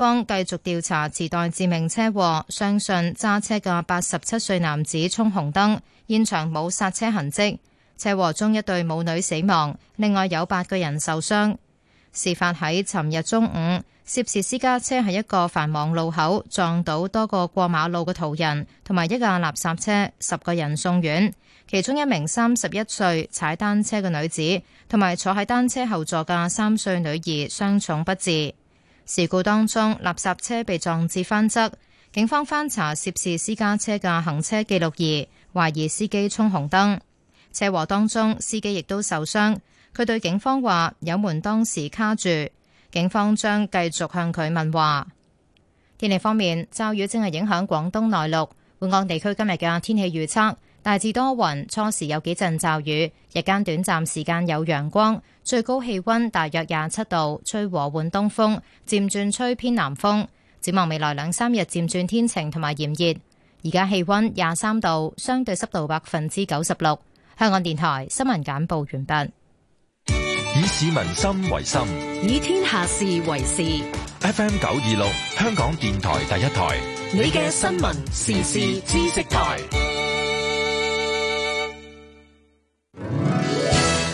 警方繼續調查，自代致命車禍，相信揸車嘅八十七歲男子衝紅燈，現場冇剎車痕跡。車禍中一對母女死亡，另外有八個人受傷。事發喺尋日中午，涉事私家車喺一個繁忙路口撞到多個過馬路嘅途人，同埋一架垃圾車，十個人送院，其中一名三十一歲踩單車嘅女子，同埋坐喺單車後座嘅三歲女兒傷重不治。事故當中，垃圾車被撞至翻側，警方翻查涉事私家車嘅行車記錄儀，懷疑司機衝紅燈。車禍當中，司機亦都受傷。佢對警方話：有門當時卡住。警方將繼續向佢問話。天氣方面，驟雨正係影響廣東內陸。本港地區今日嘅天氣預測，大致多雲，初時有幾陣驟雨，日間短暫時間有陽光。最高氣溫大約廿七度，吹和緩東風，漸轉吹偏南風。展望未來兩三日，漸轉天晴同埋炎熱。而家氣溫廿三度，相對濕度百分之九十六。香港電台新聞簡報完畢。以市民心為心，以天下事為事。FM 九二六，香港電台第一台，你嘅新聞時事知識台。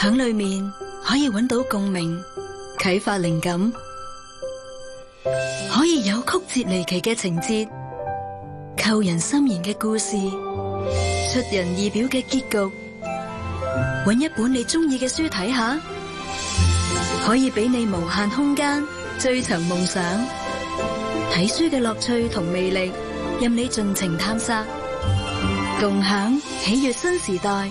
響裏面可以搵到共鳴、啟發靈感，可以有曲折離奇嘅情節、扣人心弦嘅故事、出人意表嘅結局。搵一本你中意嘅書睇下，可以俾你無限空間追尋夢想。睇書嘅樂趣同魅力，任你盡情探索，共享喜悅新時代。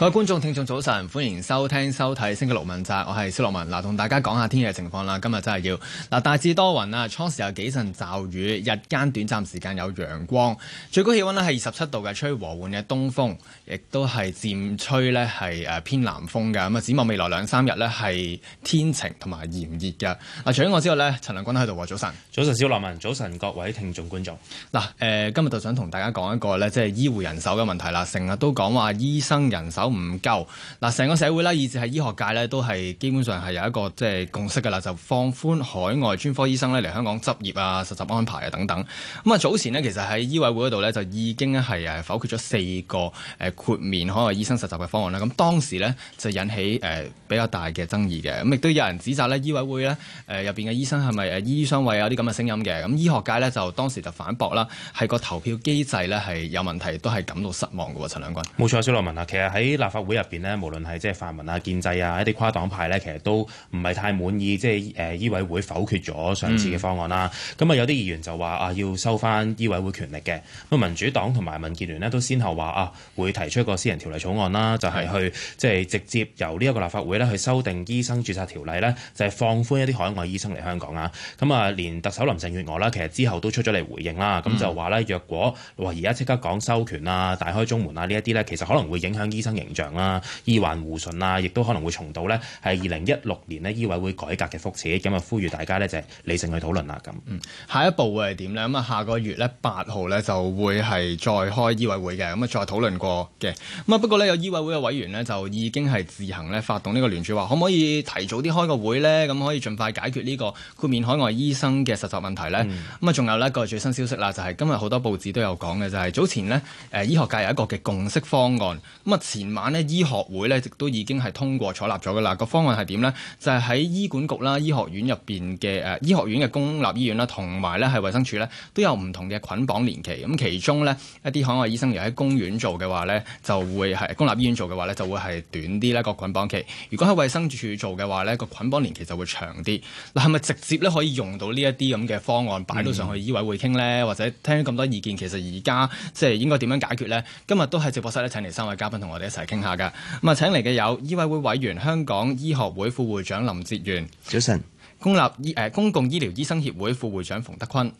各位觀眾、聽眾早晨，歡迎收聽、收睇《星期六問責》，我係蕭洛汶，嗱，同大家講下天氣嘅情況啦。今日真係要嗱，大致多雲啊，初時有幾陣驟雨，日間短暫時間有陽光，最高氣溫咧係二十七度嘅，吹和緩嘅東風，亦都係漸吹呢係誒偏南風嘅。咁啊，展望未來兩三日呢係天晴同埋炎熱嘅。嗱，除咗我之外咧，陳亮均喺度喎，早晨。早晨，蕭洛汶，早晨，各位聽眾觀眾。嗱，誒，今日就想同大家講一個咧，即係醫護人手嘅問題啦。成日都講話醫生人手，唔夠嗱，成個社會啦，以至係醫學界呢，都係基本上係有一個即係共識嘅啦，就放寬海外專科醫生呢嚟香港執業啊、實習安排啊等等。咁啊，早前呢，其實喺醫委會嗰度呢，就已經咧係否決咗四個誒豁免海外醫生實習嘅方案啦。咁當時呢，就引起誒比較大嘅爭議嘅。咁亦都有人指責呢醫委會呢，誒入邊嘅醫生係咪誒醫生位，有啲咁嘅聲音嘅。咁醫學界呢，就當時就反駁啦，係個投票機制呢，係有問題，都係感到失望嘅喎，陳亮均。冇錯，蕭洛汶啊，其實喺立法會入邊呢，無論係即係泛民啊、建制啊、一啲跨黨派呢，其實都唔係太滿意，即係誒醫委會否決咗上次嘅方案啦。咁啊、嗯，有啲議員就話啊，要收翻醫委會權力嘅。咁民主黨同埋民建聯呢，都先後話啊，會提出一個私人條例草案啦，就係、是、去是即係直接由呢一個立法會呢去修訂醫生註冊條例呢，就係、是、放寬一啲海外醫生嚟香港啊。咁啊，連特首林鄭月娥啦，其實之後都出咗嚟回應啦，咁就話呢，嗯、若果話而家即刻講收權啊、大開中門啊呢一啲呢，其實可能會影響醫生營形象啦，醫患互信啊，亦都可能會重蹈咧，係二零一六年咧醫委會改革嘅覆轍，咁啊呼籲大家咧就理性去討論啦咁。嗯，下一步會係點呢？咁啊，下個月咧八號咧就會係再開醫委會嘅，咁啊再討論過嘅。咁啊不過呢，有醫委會嘅委員咧就已經係自行咧發動呢個聯署，話可唔可以提早啲開個會呢？咁可以盡快解決呢個豁免海外醫生嘅實習問題呢？嗯，咁啊仲有呢個最新消息啦，就係、是、今日好多報紙都有講嘅，就係、是、早前呢誒、呃、醫學界有一個嘅共識方案咁啊、嗯、前晚呢醫學會呢，亦都已經係通過採納咗噶啦。個方案係點呢？就係、是、喺醫管局啦、醫學院入邊嘅誒醫學院嘅公立醫院啦，同埋呢係衛生署呢，都有唔同嘅捆綁年期。咁其中呢，一啲海外醫生又喺公院做嘅話呢，就會係公立醫院做嘅話呢，就會係短啲呢個捆綁期。如果喺衛生署做嘅話呢，個捆綁年期就會長啲。嗱，係咪直接呢可以用到呢一啲咁嘅方案擺到上去醫委會傾呢？嗯、或者聽咁多意見，其實而家即係應該點樣解決呢？今日都喺直播室呢，請嚟三位嘉賓同我哋一齊。嚟傾下噶咁啊，請嚟嘅有醫委會委員、香港醫學會副會長林哲玄，早晨，公立醫誒、呃、公共醫療醫生協會副會長馮德坤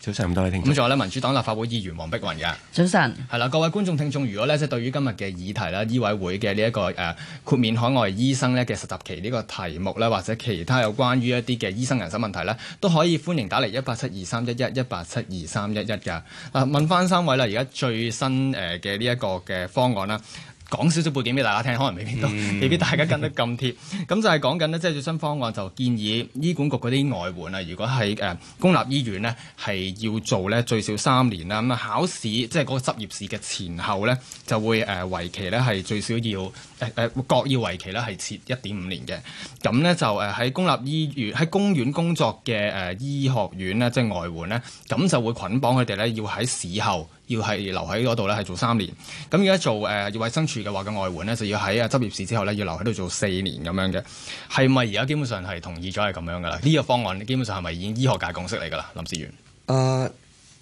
早晨，咁多位聽眾。咁仲有咧，民主黨立法會議員黃碧雲嘅早晨係啦。各位觀眾聽眾，如果咧即係對於今日嘅議題咧，醫委會嘅呢一個誒、呃，豁免海外醫生咧嘅實習期呢個題目咧，或者其他有關於一啲嘅醫生人手問題咧，都可以歡迎打嚟一八七二三一一一八七二三一一嘅嗱。嗯、問翻三位啦，而家最新誒嘅呢一個嘅方案啦。講少少背景俾大家聽，可能未必多，嗯、未必大家跟得咁貼。咁 就係講緊呢，即係最新方案就建議醫管局嗰啲外援啊，如果係誒公立醫院呢，係要做呢最少三年啦。咁考試即係嗰個執業試嘅前後呢，就會誒為期呢係最少要誒誒各要為期呢係設一點五年嘅。咁呢就誒喺公立醫院喺公院工作嘅誒醫學院呢，即係外援呢，咁就會捆綁佢哋呢，要喺試後。要係留喺嗰度咧，係做三年。咁而家做誒衞、呃、生署嘅話嘅外援咧，就要喺啊執業試之後咧，要留喺度做四年咁樣嘅。係咪而家基本上係同意咗係咁樣噶啦？呢、這個方案基本上係咪已經醫學界共識嚟噶啦？林哲玄誒、呃、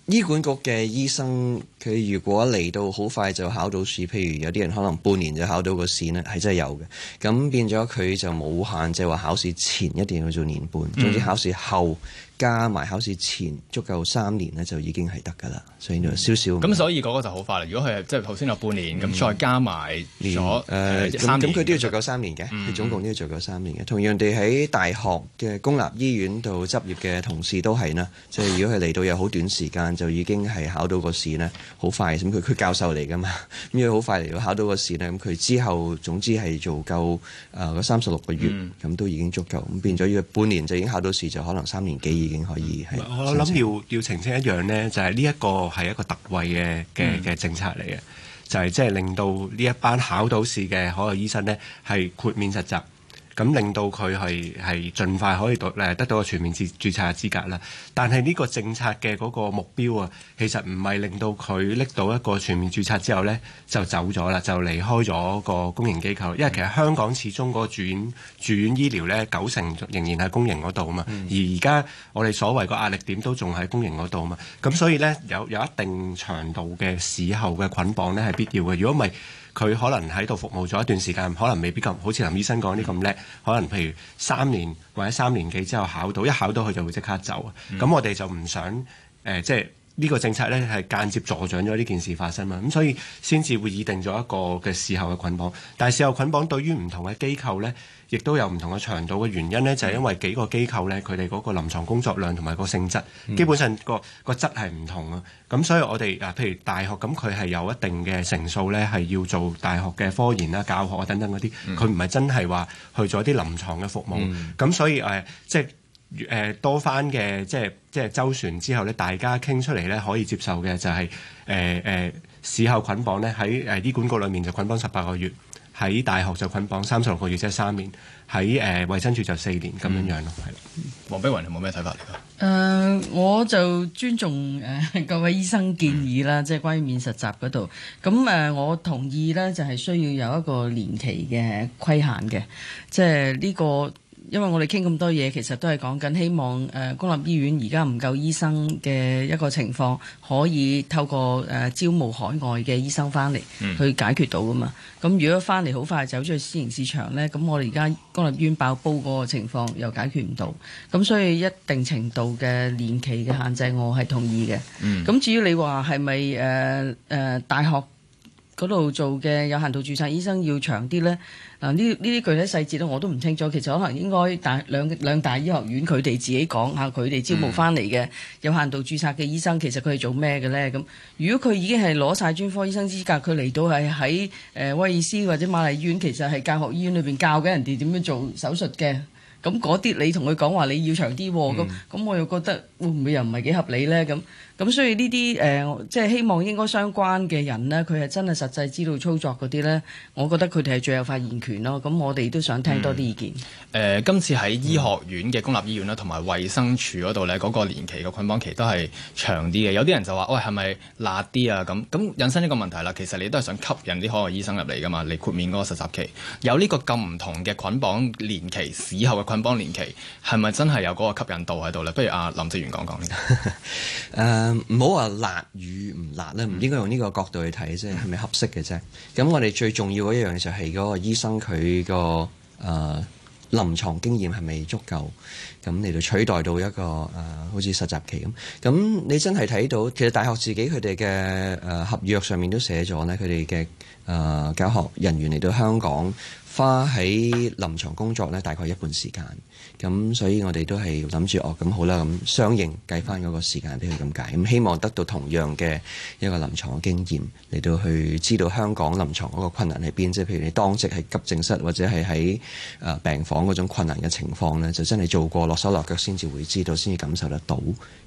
醫管局嘅醫生，佢如果嚟到好快就考到試，譬如有啲人可能半年就考到個試呢係真係有嘅。咁變咗佢就冇限制，係話考試前一定要做年半，總、嗯、之考試後。加埋考試前足夠三年咧，就已經係得噶啦。所以就少少。咁、嗯、所以嗰個就好快啦。如果佢係即係頭先有半年，咁再加埋咗誒三年，咁佢都要做夠三年嘅。佢總共都要做夠三年嘅。同樣地喺大學嘅公立醫院度執業嘅同事都係啦。即、就、係、是，如果係嚟到有好短時間，就已經係考到個試咧，好快。咁佢佢教授嚟噶嘛，咁佢好快嚟到考到個試咧。咁佢之後總之係做夠誒嗰三十六個月，咁、嗯、都已經足夠。咁變咗要半年就已經考到試，就可能三年幾。嗯已經可以係。我諗要要澄清一樣呢，就係呢一個係一個特惠嘅嘅嘅政策嚟嘅，就係即係令到呢一班考到試嘅海外醫生呢，係豁免實習。咁令到佢係係盡快可以得誒得到個全面注註冊資格啦。但係呢個政策嘅嗰個目標啊，其實唔係令到佢拎到一個全面註冊之後呢，就走咗啦，就離開咗個公營機構。因為其實香港始終嗰個住院住院醫療呢，九成仍然喺公營嗰度啊嘛。而而家我哋所謂個壓力點都仲喺公營嗰度啊嘛。咁所以呢，有有一定長度嘅時候嘅捆綁呢係必要嘅。如果唔係，佢可能喺度服務咗一段時間，可能未必咁好似林醫生講啲咁叻。可能譬如三年或者三年幾之後考到，一考到佢就會即刻走啊。咁、嗯、我哋就唔想誒、呃，即係。呢個政策呢係間接助長咗呢件事發生啊。咁所以先至會擬定咗一個嘅事後嘅捆綁。但係事後捆綁對於唔同嘅機構呢，亦都有唔同嘅長度嘅原因呢就係、係、因為幾個機構呢，佢哋嗰個臨床工作量同埋個性質，基本上、個個質係唔同啊。咁所以我哋啊，譬如大學咁，佢係有一定嘅成數呢係要做大學嘅科研啦、教學啊等等嗰啲，佢唔係真係話去做一啲臨床嘅服務。咁所以誒、呃，即係。誒多翻嘅即係即係周旋之後咧，大家傾出嚟咧可以接受嘅就係誒誒事後捆綁咧，喺誒醫管局裏面就捆綁十八個月，喺大學就捆綁三十六個月，即係三年，喺誒衞生署就四年咁、嗯、樣樣咯，係。黃碧雲你冇咩睇法？誒、呃，我就尊重誒各位醫生建議啦，即係、嗯、關於免實習嗰度，咁誒我同意呢，就係需要有一個年期嘅規限嘅，即係呢個。因為我哋傾咁多嘢，其實都係講緊希望誒、呃、公立醫院而家唔夠醫生嘅一個情況，可以透過誒招募海外嘅醫生翻嚟、嗯、去解決到噶嘛。咁如果翻嚟好快走出去私營市場咧，咁我哋而家公立醫院爆煲嗰個情況又解決唔到。咁所以一定程度嘅年期嘅限制，我係同意嘅。咁、嗯、至於你話係咪誒誒大學？嗰度做嘅有限度註冊醫生要長啲呢，嗱呢呢啲具體細節呢我都唔清楚。其實可能應該大兩兩大醫學院佢哋自己講下佢哋招募翻嚟嘅有限度註冊嘅醫生，嗯、其實佢係做咩嘅呢？咁如果佢已經係攞晒專科醫生資格，佢嚟到係喺誒威爾斯或者瑪麗醫院，其實係教學醫院裏邊教緊人哋點樣做手術嘅，咁嗰啲你同佢講話你要長啲、哦，咁咁、嗯、我又覺得會唔會又唔係幾合理呢？咁。咁所以呢啲誒，即係希望應該相關嘅人呢，佢係真係實際知道操作嗰啲呢，我覺得佢哋係最有發言權咯。咁我哋都想聽多啲意見。誒、嗯呃，今次喺醫學院嘅公立醫院啦，同埋衛生署嗰度呢，嗰、那個年期嘅捆綁期都係長啲嘅。有啲人就話，喂，係咪辣啲啊？咁咁引申一個問題啦。其實你都係想吸引啲海外醫生入嚟噶嘛？你豁免嗰個實習期有呢個咁唔同嘅捆綁年期，事後嘅捆綁年期係咪真係有嗰個吸引度喺度呢？不如阿、啊、林哲玄講講。誒。 啊唔好話辣與唔辣咧，唔應該用呢個角度去睇即係咪合適嘅啫？咁、嗯、我哋最重要嗰一樣就係嗰個醫生佢、個誒臨床經驗係咪足夠？咁嚟到取代到一個誒、呃、好似實習期咁，咁你真係睇到，其實大學自己佢哋嘅誒合約上面都寫咗呢，佢哋嘅誒教學人員嚟到香港，花喺臨床工作咧，大概一半時間，咁所以我哋都係諗住哦，咁好啦，咁相應計翻嗰個時間畀佢咁解，咁希望得到同樣嘅一個臨床嘅經驗嚟到去知道香港臨床嗰個困難喺邊，即係譬如你當值係急症室或者係喺誒病房嗰種困難嘅情況咧，就真係做過落手落腳先至會知道，先至感受得到，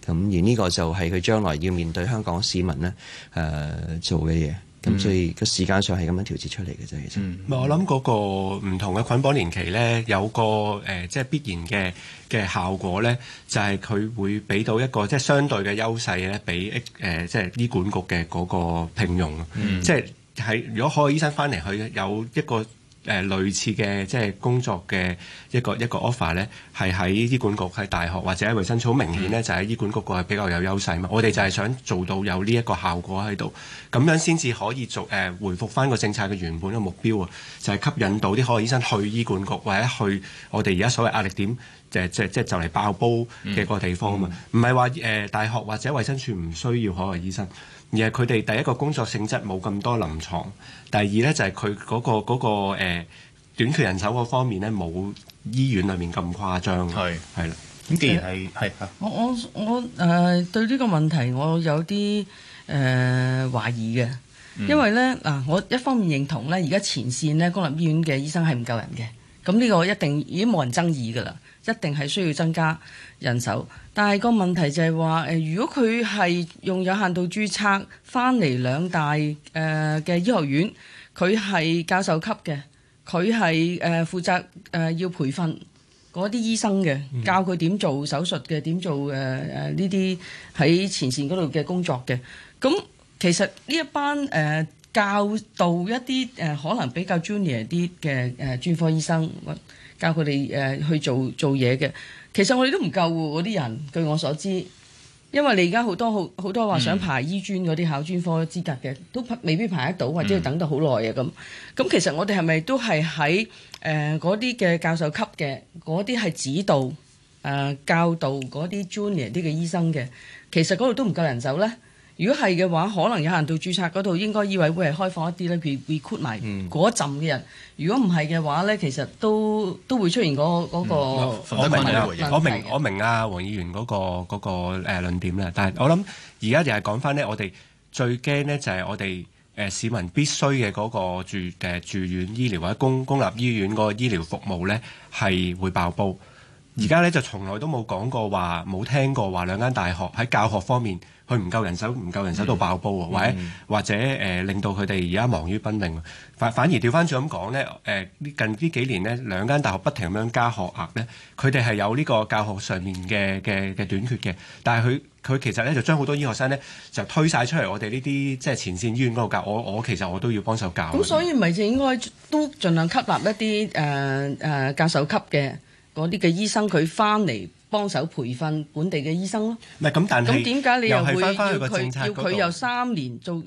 咁而呢個就係佢將來要面對香港市民咧誒做嘅嘢。咁所以時、嗯、個時間上係咁樣調節出嚟嘅啫，其實唔係，我諗嗰個唔同嘅捆綁年期咧，有個誒即係必然嘅嘅效果咧，就係佢會俾到一個即係相對嘅優勢咧，俾誒即係醫管局嘅嗰個聘用，嗯、即係係如果海外醫生翻嚟，佢有一個，誒、呃、類似嘅即係工作嘅一個一個 offer 咧，係喺醫管局、喺大學或者喺衞生署，好明顯咧、嗯、就喺醫管局個係比較有優勢嘛。我哋就係想做到有呢一個效果喺度，咁樣先至可以做誒、呃、回覆翻個政策嘅原本嘅目標啊，就係、是、吸引到啲海外醫生去醫管局或者去我哋而家所謂壓力點，呃、即係即係即係就嚟爆煲嘅個地方啊嘛。唔係話誒大學或者衞生署唔需要海外醫生。而係佢哋第一個工作性質冇咁多臨床，第二咧就係佢嗰個嗰、嗰個、呃、短缺人手嗰方面咧冇醫院裏面咁誇張，係係啦。咁既的、嗯、然係係嚇，我我我誒、呃、對呢個問題我有啲誒、呃、懷疑嘅，因為咧嗱、呃，我一方面認同咧，而家前線咧公立醫院嘅醫生係唔夠人嘅。咁呢個一定已經冇人爭議㗎啦，一定係需要增加人手。但係個問題就係、是、話，誒如果佢係用有限度註冊翻嚟兩大誒嘅、呃、醫學院，佢係教授級嘅，佢係誒負責誒、呃、要培訓嗰啲醫生嘅，教佢點做手術嘅，點做誒誒呢啲喺前線嗰度嘅工作嘅。咁、呃、其實呢一班誒。呃教導一啲誒、呃、可能比較 junior 啲嘅誒、呃、專科醫生，教佢哋誒去做做嘢嘅。其實我哋都唔夠嗰啲人，據我所知，因為你而家好多好好多話想排醫專嗰啲考專科資格嘅，嗯、都未必排得到，或者要等到好耐啊咁。咁、嗯、其實我哋係咪都係喺誒嗰啲嘅教授級嘅嗰啲係指導誒、呃、教導嗰啲 junior 啲嘅醫生嘅？其實嗰度都唔夠人手咧。如果係嘅話，可能有難到註冊嗰度應該醫委會係開放一啲咧，佢、嗯、會括埋嗰一陣嘅人。如果唔係嘅話咧，其實都都會出現嗰個、嗯。我明啊，我明我明啊，黃議員嗰個嗰個誒論點咧。但係我諗而家就係講翻呢，我哋最驚呢就係我哋誒市民必須嘅嗰個住誒住院醫療或者公公立醫院嗰個醫療服務咧係會爆煲。而家咧就從來都冇講過話，冇聽過話兩間大學喺教學方面。佢唔夠人手，唔夠人手到爆煲、嗯嗯、或者或者誒，令到佢哋而家忙於奔命。反反而調翻轉咁講咧，誒、呃、近呢幾年呢，兩間大學不停咁樣加學額咧，佢哋係有呢個教學上面嘅嘅嘅短缺嘅。但係佢佢其實咧就將好多醫學生咧就推晒出嚟，我哋呢啲即係前線醫院嗰度教。我我其實我都要幫手教。咁所以咪就應該都盡量吸納一啲誒誒教授級嘅嗰啲嘅醫生佢翻嚟。幫手培訓本地嘅醫生咯。唔係咁，但係咁點解你又會叫佢要佢又要有三年做誒、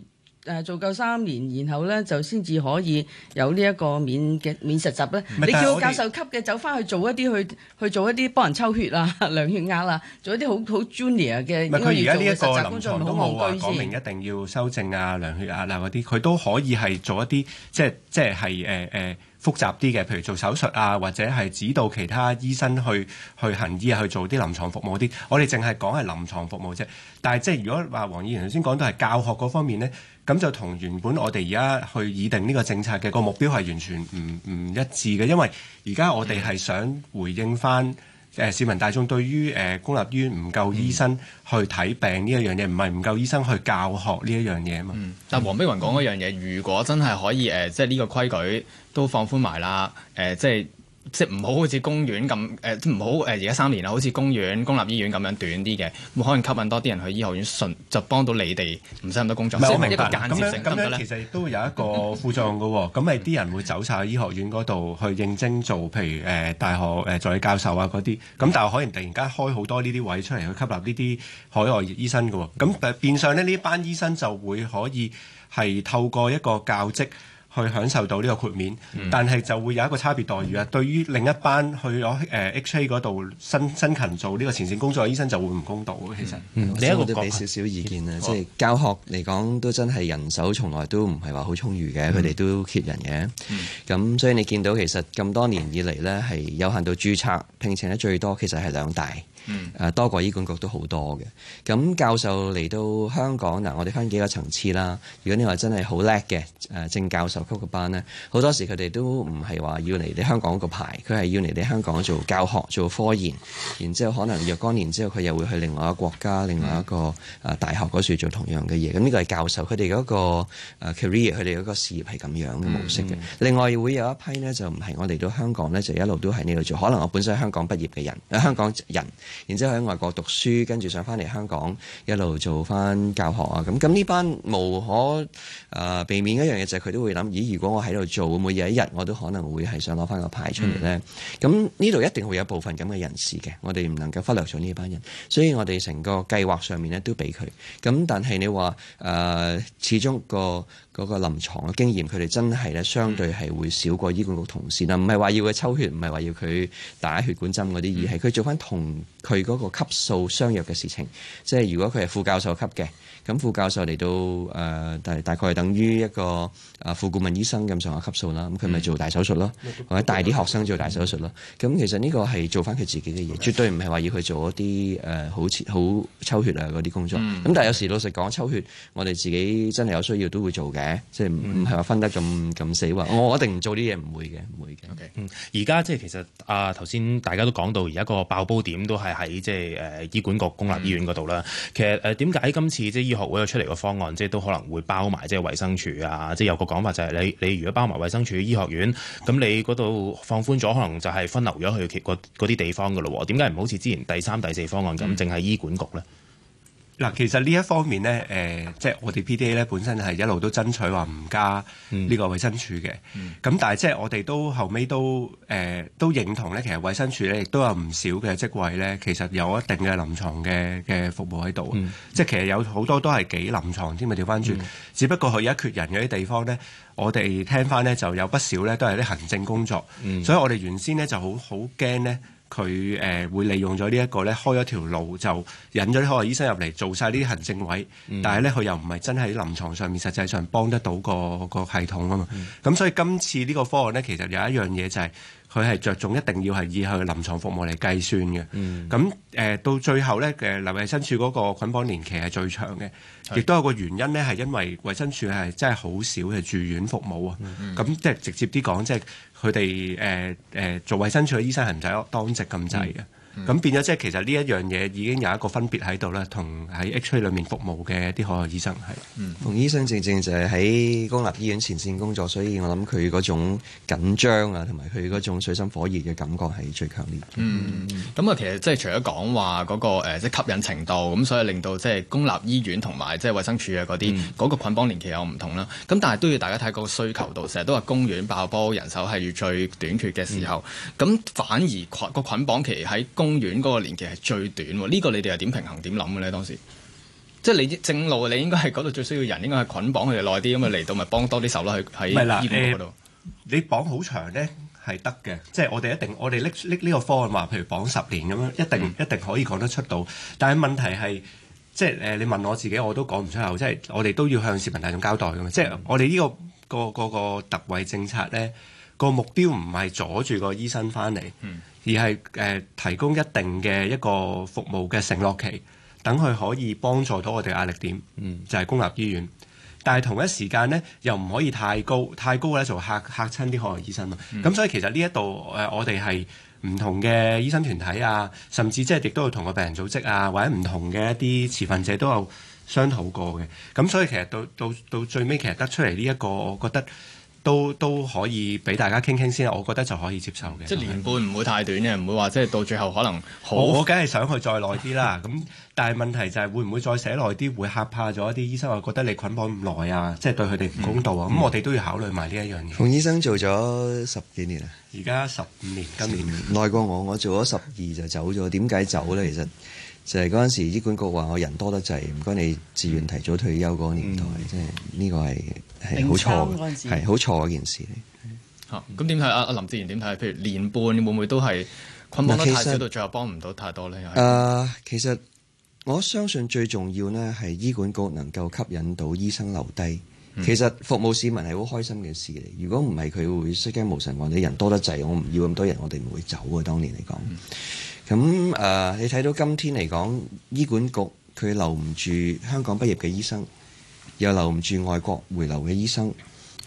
呃、做夠三年，然後咧就先至可以有呢一個免嘅免實習咧？你叫教授級嘅走翻去做一啲去去做一啲幫人抽血啊、 量血壓啊，做一啲好好 junior 嘅應該要做嘅實習工作好戇居！先。明一定要修正啊、量血壓啊嗰啲，佢都可以係做一啲即係即係係誒誒。呃呃複雜啲嘅，譬如做手術啊，或者係指導其他醫生去去行醫啊，去做啲臨床服務啲。我哋淨係講係臨床服務啫。但係即係如果話黃議員頭先講到係教學嗰方面呢，咁就同原本我哋而家去擬定呢個政策嘅個目標係完全唔唔一致嘅，因為而家我哋係想回應返。誒市民大眾對於誒公立醫院唔夠醫生去睇病呢一樣嘢，唔係唔夠醫生去教學呢一樣嘢啊嘛。嗯，但黃碧雲講嗰樣嘢，嗯、如果真係可以誒、呃，即係呢個規矩都放寬埋啦，誒、呃、即係。即係唔好好似公園咁誒，唔好誒而家三年啦，好似公園公立醫院咁樣短啲嘅，咁可能吸引多啲人去醫學院順，順就幫到你哋唔使咁多工作。我明白，咁樣咁樣其實亦都會有一個副作用嘅喎、哦。咁咪啲人會走晒去醫學院嗰度去應徵做，譬如誒、呃、大學誒助理教授啊嗰啲。咁大學可能突然間開好多呢啲位出嚟去吸納呢啲海外醫生嘅喎、哦。咁誒變相咧呢班醫生就會可以係透過一個教職去享受到呢個豁免，但係就會有一個差別待遇啊！嗯、對於另一班去咗誒 H A 嗰度辛辛勤做呢個前線工作嘅醫生就會唔公道、嗯、其實，你我都俾少少意見啊，即係、嗯、教學嚟講都真係人手從來都唔係話好充裕嘅，佢哋都缺人嘅。咁、嗯嗯、所以你見到其實咁多年以嚟呢，係有限度註冊聘請得最多其實係兩大，誒、嗯啊、多過醫管局都好多嘅。咁教授嚟到香港嗱，我哋分幾個層次啦。如果你話真係好叻嘅誒正教授，佢嗰班呢，好多時佢哋都唔係話要嚟你香港個牌，佢係要嚟你香港做教學、做科研，然之後可能若干年之後佢又會去另外一個國家、另外一個啊大學嗰處做同樣嘅嘢。咁呢個係教授，佢哋嗰個 career，佢哋嗰個事業係咁樣嘅模式嘅。嗯、另外會有一批呢，就唔係我嚟到香港呢，就一路都喺呢度做。可能我本身香港畢業嘅人，香港人，然之後喺外國讀書，跟住想翻嚟香港一路做翻教學啊。咁咁呢班無可啊避免一樣嘢就係佢都會諗。咦？如果我喺度做，每日一日，我都可能會係想攞翻個牌出嚟咧。咁呢度一定會有部分咁嘅人士嘅，我哋唔能夠忽略咗呢班人。所以我哋成個計劃上面咧都俾佢。咁但係你話誒、呃，始終、個嗰個臨牀嘅經驗，佢哋真係咧相對係會少過醫管局同事啦。唔係話要佢抽血，唔係話要佢打血管針嗰啲，而係佢做翻同佢嗰個級數相約嘅事情。即係如果佢係副教授級嘅。咁副教授嚟到誒、呃，大大概係等於一個啊、呃、副顧問醫生咁上下級數啦。咁佢咪做大手術咯，嗯、或者帶啲學生做大手術咯。咁、嗯、其實呢個係做翻佢自己嘅嘢，絕對唔係話要去做一啲誒好似好抽血啊嗰啲工作。咁但係有時老實講抽血，我哋自己真係有需要都會做嘅，即係唔係話分得咁咁死話、哦，我一定唔做啲嘢唔會嘅，唔會嘅。而家即係其實啊頭先大家都講到而家個爆煲點都係喺即係誒醫管局公立醫院嗰度啦。其實誒點解今次即醫學會有出嚟個方案，即係都可能會包埋即係衛生署啊，即係有個講法就係你你如果包埋衛生署醫學院，咁你嗰度放寬咗，可能就係分流咗去其嗰啲地方嘅咯。點解唔好似之前第三、第四方案咁，淨係、嗯、醫管局呢？嗱，其實呢一方面呢，誒、呃，即係我哋 PDA 咧本身係一路都爭取話唔加呢個衞生署嘅，咁、嗯嗯、但係即係我哋都後尾都誒、呃、都認同咧，其實衞生署咧亦都有唔少嘅職位咧，其實有一定嘅臨床嘅嘅服務喺度，嗯、即係其實有好多都係幾臨床添啊！調翻轉，嗯、只不過佢而家缺人嗰啲地方咧，我哋聽翻咧就有不少咧都係啲行政工作，嗯、所以我哋原先咧就好好驚呢。佢誒、呃、會利用咗呢一個咧，開咗條路就引咗呢啲海外醫生入嚟做晒呢啲行政位，嗯、但係咧佢又唔係真喺臨床上面實際上幫得到那個個系統啊嘛。咁、嗯、所以今次個呢個方案咧，其實有一樣嘢就係佢係着重一定要係以佢臨床服務嚟計算嘅。咁誒、嗯呃、到最後咧，誒衞生署嗰個捆綁年期係最長嘅，亦都有個原因咧，係因為衞生署係真係好少嘅住院服務啊。咁即係直接啲講，即係。佢哋誒誒做衞生署嘅醫生係唔使當值咁滯嘅。嗯咁、嗯、變咗即係其實呢一樣嘢已經有一個分別喺度啦，同喺 H A 裏面服務嘅啲海外醫生係，馮、嗯、醫生正正就係喺公立醫院前線工作，所以我諗佢嗰種緊張啊，同埋佢嗰種水深火熱嘅感覺係最強烈，嗯。嗯，咁、嗯、啊，嗯、其實即係除咗講話嗰個即吸引程度，咁所以令到即係公立醫院同埋即係衛生署啊嗰啲嗰個捆綁年期有唔同啦。咁但係都要大家睇個需求度，成日都話公院爆波人手係最短缺嘅時候，咁、嗯、反而個捆綁期喺公園嗰個年期係最短喎，呢個你哋係點平衡點諗嘅咧？當時即係你正路，你應該係嗰度最需要人，應該係捆綁佢哋耐啲，咁啊嚟到咪幫多啲手咯。喺醫院嗰度，你綁好長咧，係得嘅，即係我哋一定我哋拎拎呢個方案話，譬如綁十年咁樣，一定一定可以講得出到。但係問題係，即係誒你問我自己，我都講唔出口。即係我哋都要向市民大眾交代㗎嘛。即係我哋呢個個個特惠政策咧。個目標唔係阻住個醫生翻嚟，嗯、而係誒、呃、提供一定嘅一個服務嘅承諾期，等佢可以幫助到我哋壓力點，嗯、就係公立醫院。但係同一時間呢，又唔可以太高，太高呢，就嚇嚇親啲可能醫生啊。咁、嗯、所以其實呢一度誒，我哋係唔同嘅醫生團體啊，甚至即係亦都有同個病人組織啊，或者唔同嘅一啲持份者都有商討過嘅。咁所以其實到到到，到最尾，其實得出嚟呢一個，我覺得。都都可以俾大家傾傾先，我覺得就可以接受嘅。即係年半唔會太短嘅，唔 會話即係到最後可能好。我梗係想佢再耐啲啦。咁 但係問題就係、是、會唔會再寫耐啲會嚇怕咗一啲醫生，話覺得你捆綁咁耐啊，即係對佢哋唔公道啊。咁、嗯、我哋都要考慮埋呢一樣嘢。馮醫生做咗十幾年啊，而家十五年，今年耐過我，我做咗十二就走咗。點解走咧？其實？就係嗰陣時，醫管局話我人多得滯，唔該你自願提早退休嗰年代，即係呢個係係好錯嘅，係好、嗯、錯一件事。嚇、嗯，咁點睇啊？阿林哲玄點睇？譬如年半會唔會都係綑綁得太少，到實最後幫唔到太多咧？誒、呃，其實我相信最重要呢係醫管局能夠吸引到醫生留低。其實服務市民係好開心嘅事嚟。如果唔係佢會失驚無神話，你人多得滯，我唔要咁多人，我哋唔會走嘅。當年嚟講。嗯咁誒、呃，你睇到今天嚟講，醫管局佢留唔住香港畢業嘅醫生，又留唔住外國回流嘅醫生。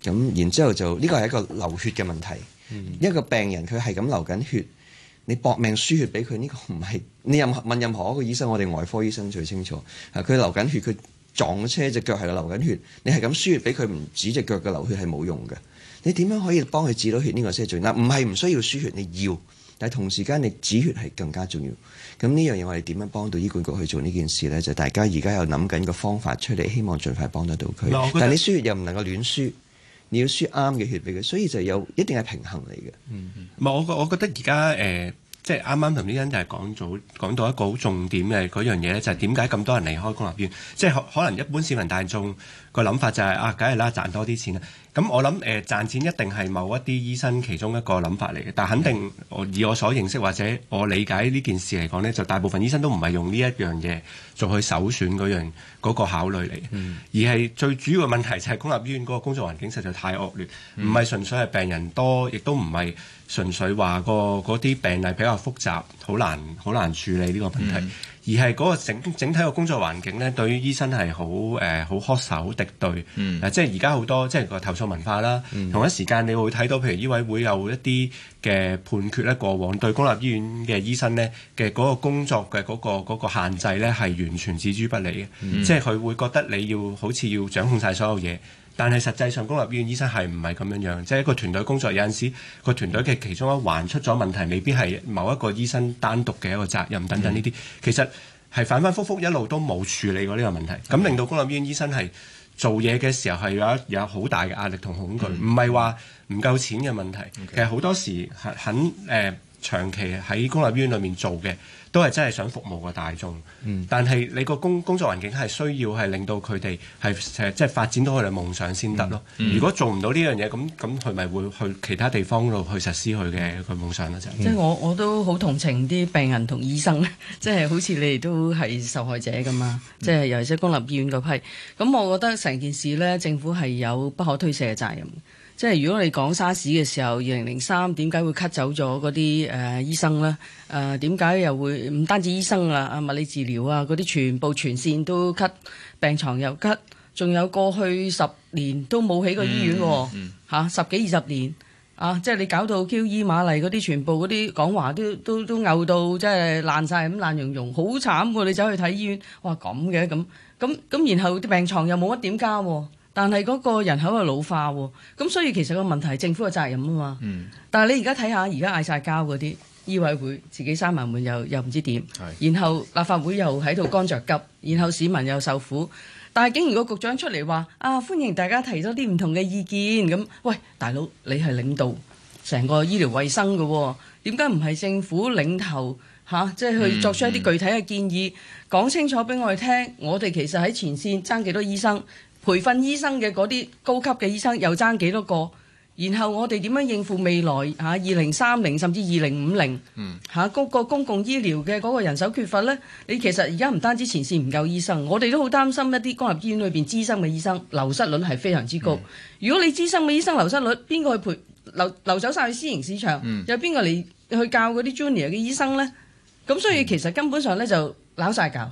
咁然之後就呢個係一個流血嘅問題。嗯、一個病人佢係咁流緊血，你搏命輸血俾佢，呢、這個唔係你問問任何一個醫生，我哋外科醫生最清楚。佢流緊血，佢撞車隻腳係流緊血，你係咁輸血俾佢唔止隻腳嘅流血係冇用嘅。你點樣可以幫佢止到血？呢、這個先係最嗱，唔係唔需要輸血，你要。但係同時間，你止血係更加重要。咁呢樣嘢我哋點樣幫到醫管局去做呢件事咧？就大家而家有諗緊個方法出嚟，希望盡快幫得到佢。但係你輸血又唔能夠亂輸，你要輸啱嘅血俾佢，所以就有一定係平衡嚟嘅。嗯嗯，唔係我我覺得而家誒，即係啱啱同呢欣就係講到講到一個好重點嘅嗰樣嘢咧，就係點解咁多人離開公立醫院？即係可可能一般市民大眾。個諗法就係、是、啊，梗係啦，賺多啲錢啦。咁、嗯、我諗誒、呃，賺錢一定係某一啲醫生其中一個諗法嚟嘅。但肯定，我的以我所認識或者我理解呢件事嚟講呢，就大部分醫生都唔係用呢一樣嘢做佢首選嗰樣嗰，那個考慮嚟，嗯、而係最主要嘅問題就係公立醫院個工作環境實在太惡劣，唔係、嗯、純粹係病人多，亦都唔係純粹話、那個嗰啲病例比較複雜，好難好難，難處理呢個問題。嗯而係嗰個整整體嘅工作環境咧，對於醫生係好誒好苛守、好敵對，嗯、即係而家好多即係個投訴文化啦。嗯、同一時間，你會睇到譬如醫委會有一啲嘅判決咧，過往對公立醫院嘅醫生咧嘅嗰個工作嘅嗰個、嗰個限制咧，係完全置諸不理嘅。嗯、即係佢會覺得你要好似要掌控晒所有嘢。但係實際上，公立醫院醫生係唔係咁樣樣，即係一個團隊工作。有陣時個團隊嘅其中一環出咗問題，未必係某一個醫生單獨嘅一個責任。等等呢啲，嗯、其實係反反覆覆一路都冇處理過呢個問題，咁、嗯、令到公立醫院醫生係做嘢嘅時候係有有好大嘅壓力同恐懼，唔係話唔夠錢嘅問題，嗯、其實好多時係很誒。呃長期喺公立醫院裏面做嘅，都係真係想服務個大眾。嗯、但係你個工工作環境係需要係令到佢哋係即係發展到佢哋夢想先得咯。嗯嗯、如果做唔到呢樣嘢，咁咁佢咪會去其他地方度去實施佢嘅個夢想咯？就、嗯、即係我我都好同情啲病人同醫生，即係好似你哋都係受害者咁嘛。即係尤其是公立醫院嗰批，咁、嗯、我覺得成件事咧，政府係有不可推卸嘅責任。即係如果你講沙士嘅時候，二零零三，點解會 cut 走咗嗰啲誒醫生咧？誒點解又會唔單止醫生啊？物理治療啊，嗰啲全部全線都 cut，病床又 cut，仲有過去十年都冇起過醫院喎、啊嗯嗯啊、十幾二十年啊！即係你搞到 QE 瑪麗嗰啲，全部嗰啲講話都都都嘔到即係爛晒咁爛融融，好慘喎、啊！你走去睇醫院，哇咁嘅咁咁咁，然後啲病床又冇乜點加、啊。但係嗰個人口又老化、哦，咁所以其實個問題政府嘅責任啊嘛。嗯、但係你而家睇下，而家嗌晒交嗰啲醫委會自己閂埋門又，又又唔知點。是然後立法會又喺度乾着急，然後市民又受苦。但係竟然個局長出嚟話啊，歡迎大家提咗啲唔同嘅意見。咁喂，大佬你係領導，成個醫療衞生嘅點解唔係政府領頭嚇？即、啊、係、就是、去作出一啲具體嘅建議，講、嗯嗯、清楚俾我哋聽。我哋其實喺前線爭幾多醫生。培訓醫生嘅嗰啲高級嘅醫生又爭幾多個？然後我哋點樣應付未來嚇二零三零甚至二零五零嚇個公共醫療嘅嗰個人手缺乏呢？你其實而家唔單止前線唔夠醫生，我哋都好擔心一啲公立醫院裏邊資深嘅醫生流失率係非常之高。嗯、如果你資深嘅醫生流失率，邊個去培流流走晒去私營市場？嗯、有邊個嚟去教嗰啲 junior 嘅醫生呢？咁所以其實根本上呢，就撈晒舊，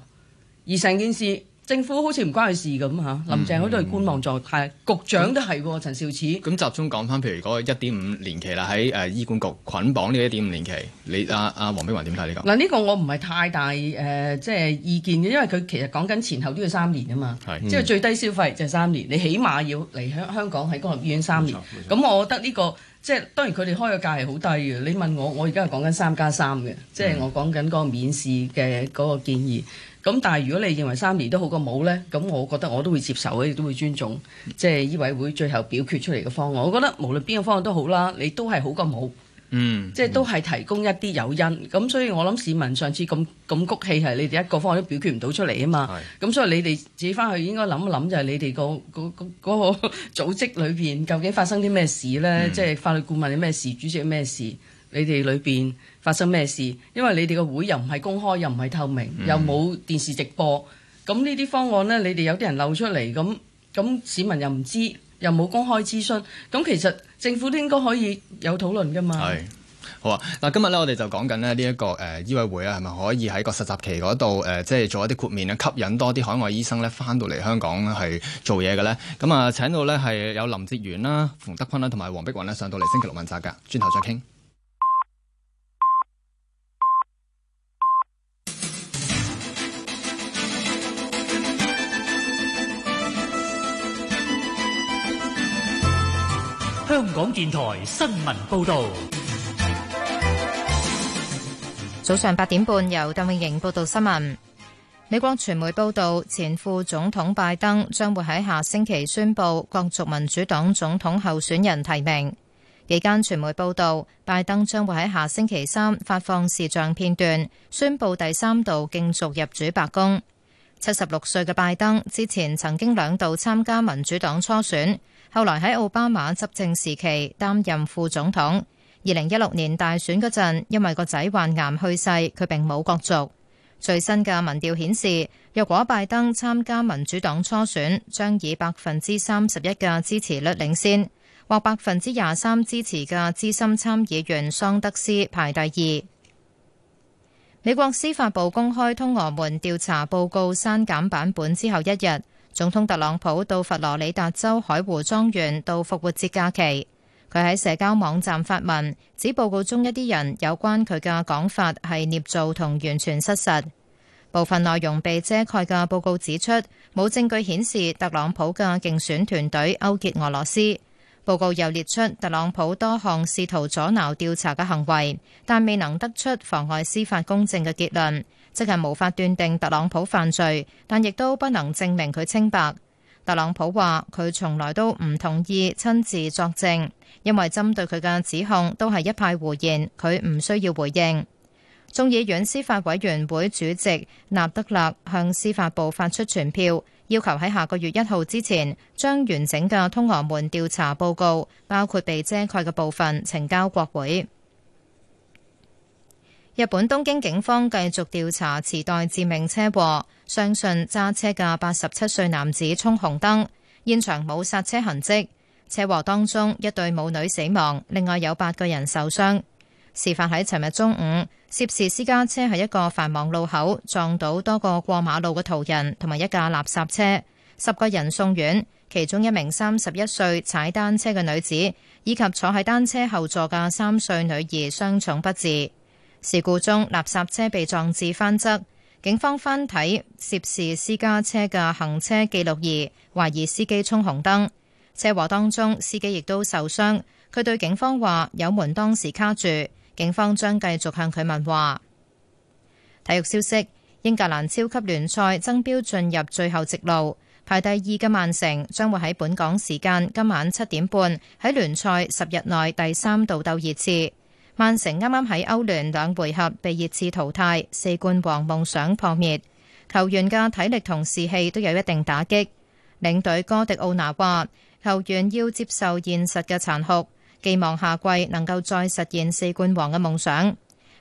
而成件事。政府好似唔關佢事咁吓，林鄭嗰度係觀望狀態，Yeah, 局長都係陳肇始。咁、嗯嗯嗯嗯、集中講翻，譬如嗰一點五年期啦，喺誒醫管局捆綁呢個一點五年期，你阿阿黃碧雲點睇呢個？嗱，呢個我唔係太大誒、呃，即係意見嘅，因為佢其實講緊前後都要三年啊嘛。嗯、即係最低消費就三年，你起碼要嚟香香港喺公立醫院三年。咁我覺得呢、呢個即係當然佢哋開嘅價係好低嘅。你問我，我而家係講緊三加三嘅，即係我講緊嗰個免試嘅嗰個建議。咁但係如果你認為三年都好過冇呢，咁我覺得我都會接受，亦都會尊重，即係醫委會最後表決出嚟嘅方案。我覺得無論邊個方案都好啦，你都係好過冇，嗯，即係都係提供一啲誘因。咁、嗯、所以我諗市民上次咁咁谷氣係你哋一個方案都表決唔到出嚟啊嘛。咁是所以你哋自己翻去應該諗一諗，就係你哋個個個嗰個組織裏邊究竟發生啲咩事呢？即係、嗯、法律顧問咩事？主席咩事？你哋裏邊發生咩事？因為你哋個會又唔係公開，又唔係透明，又冇電視直播。咁呢啲方案呢，你哋有啲人漏出嚟，咁咁市民又唔知，又冇公開諮詢。咁其實政府都應該可以有討論噶嘛。係好啊嗱，今日呢，我哋就講緊咧呢一個誒醫委會啊，係咪可以喺個實習期嗰度誒，即係做一啲豁免咧，吸引多啲海外醫生咧翻到嚟香港咧係做嘢嘅呢？咁啊，請到呢係有林哲玄啦、馮德焜啦，同埋黃碧雲咧上到嚟星期六問責噶，轉頭再傾。香港電台新聞報道，早上八點半由鄧永瑩報道新聞。美國傳媒報道，前副總統拜登將會喺下星期宣布角逐民主黨總統候選人提名。幾間傳媒報道，拜登將會喺下星期三發放視像片段，宣布第三度競逐入主白宮。七十六歲嘅拜登之前曾經兩度參加民主黨初選。後來喺奧巴馬執政時期擔任副總統。二零一六年大選嗰陣，因為個仔患癌去世，佢並冇角逐。最新嘅民調顯示，若果拜登參加民主黨初選將，將以百分之三十一嘅支持率領先或，或百分之廿三支持嘅資深參議員桑德斯排第二。美國司法部公開通俄門調查報告刪減版本之後一日。總統特朗普到佛羅里達州海湖莊園度復活節假期，佢喺社交網站發文指報告中一啲人有關佢嘅講法係捏造同完全失實。部分內容被遮蓋嘅報告指出，冇證據顯示特朗普嘅競選團隊勾結俄羅斯。報告又列出特朗普多項試圖阻撓調查嘅行為，但未能得出妨礙司法公正嘅結論。即係無法斷定特朗普犯罪，但亦都不能證明佢清白。特朗普話，佢從來都唔同意親自作證，因為針對佢嘅指控都係一派胡言，佢唔需要回應。眾議院司法委員會主席納德勒向司法部發出傳票，要求喺下個月一號之前將完整嘅通俄門調查報告，包括被遮蓋嘅部分，呈交國會。日本東京警方繼續調查池袋致命車禍，相信揸車嘅八十七歲男子衝紅燈，現場冇剎車痕跡。車禍當中一對母女死亡，另外有八個人受傷。事發喺尋日中午，涉事私家車喺一個繁忙路口撞到多個過馬路嘅途人，同埋一架垃圾車，十個人送院，其中一名三十一歲踩單車嘅女子以及坐喺單車後座嘅三歲女兒傷重不治。事故中，垃圾車被撞至翻側。警方翻睇涉事私家車嘅行車記錄儀，懷疑司機衝紅燈。車禍當中，司機亦都受傷。佢對警方話：有門當時卡住。警方將繼續向佢問話。體育消息：英格蘭超級聯賽爭標進入最後直路，排第二嘅曼城將會喺本港時間今晚七點半，喺聯賽十日內第三度鬥熱刺。曼城啱啱喺歐聯兩回合被熱刺淘汰，四冠王夢想破滅，球員嘅體力同士氣都有一定打擊。領隊哥迪奧拿話：球員要接受現實嘅殘酷，寄望下季能夠再實現四冠王嘅夢想。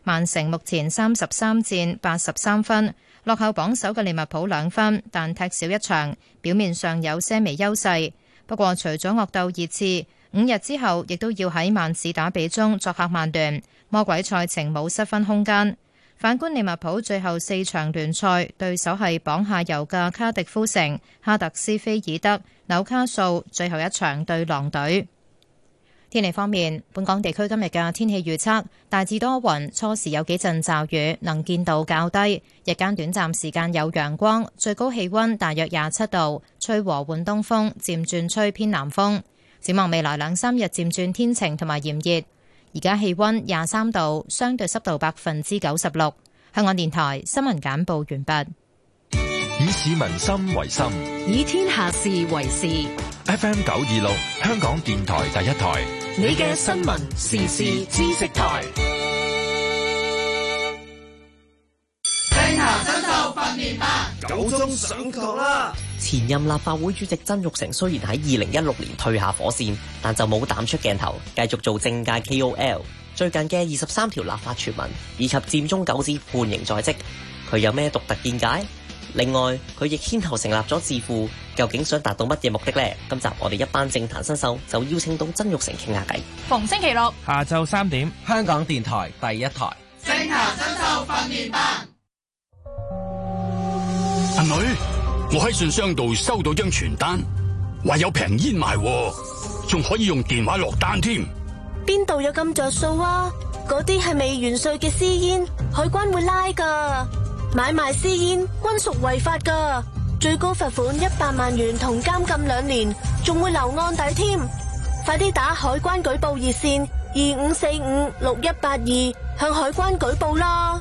曼城目前三十三戰八十三分，落後榜首嘅利物浦兩分，但踢少一場，表面上有些微優勢。不過除咗惡鬥熱刺。五日之後，亦都要喺曼市打比中作客，曼聯魔鬼賽程冇失分空間。反觀利物浦，最後四場聯賽對手係榜下游嘅卡迪夫城、哈特斯菲爾德、紐卡素，最後一場對狼隊。天氣方面，本港地區今日嘅天氣預測大致多雲，初時有幾陣驟雨，能見度較低；日間短暫時間有陽光，最高氣溫大約廿七度，吹和緩東風，漸轉吹偏南風。展望未來兩三日，漸轉天晴同埋炎熱。而家氣溫廿三度，相對濕度百分之九十六。香港電台新聞簡報完畢。以市民心為心，以天下事為事。FM 九二六，香港電台第一台，你嘅新聞時事知識台。聽下新秀訓練班九中上堂啦！前任立法會主席曾鈺成雖然喺二零一六年退下火線，但就冇膽出鏡頭，繼續做政界 K O L。最近嘅二十三條立法傳聞以及佔中九子判刑在即，佢有咩獨特見解？另外，佢亦牽頭成立咗智庫，究竟想達到乜嘢目的呢？今集我哋一班政壇新秀就邀請到曾鈺成傾下偈。逢星期六下晝三點，香港電台第一台政壇新秀訓練班。阿女，我喺信箱度收到張傳單，話有平煙賣，仲可以用電話落單添。邊度有咁着數啊？嗰啲係未完稅嘅私煙，海關會拉噶。買賣私煙均屬違法噶，最高罰款一百萬元同監禁兩年，仲會留案底添。快啲打海關舉報熱線二五四五六一八二向海關舉報啦！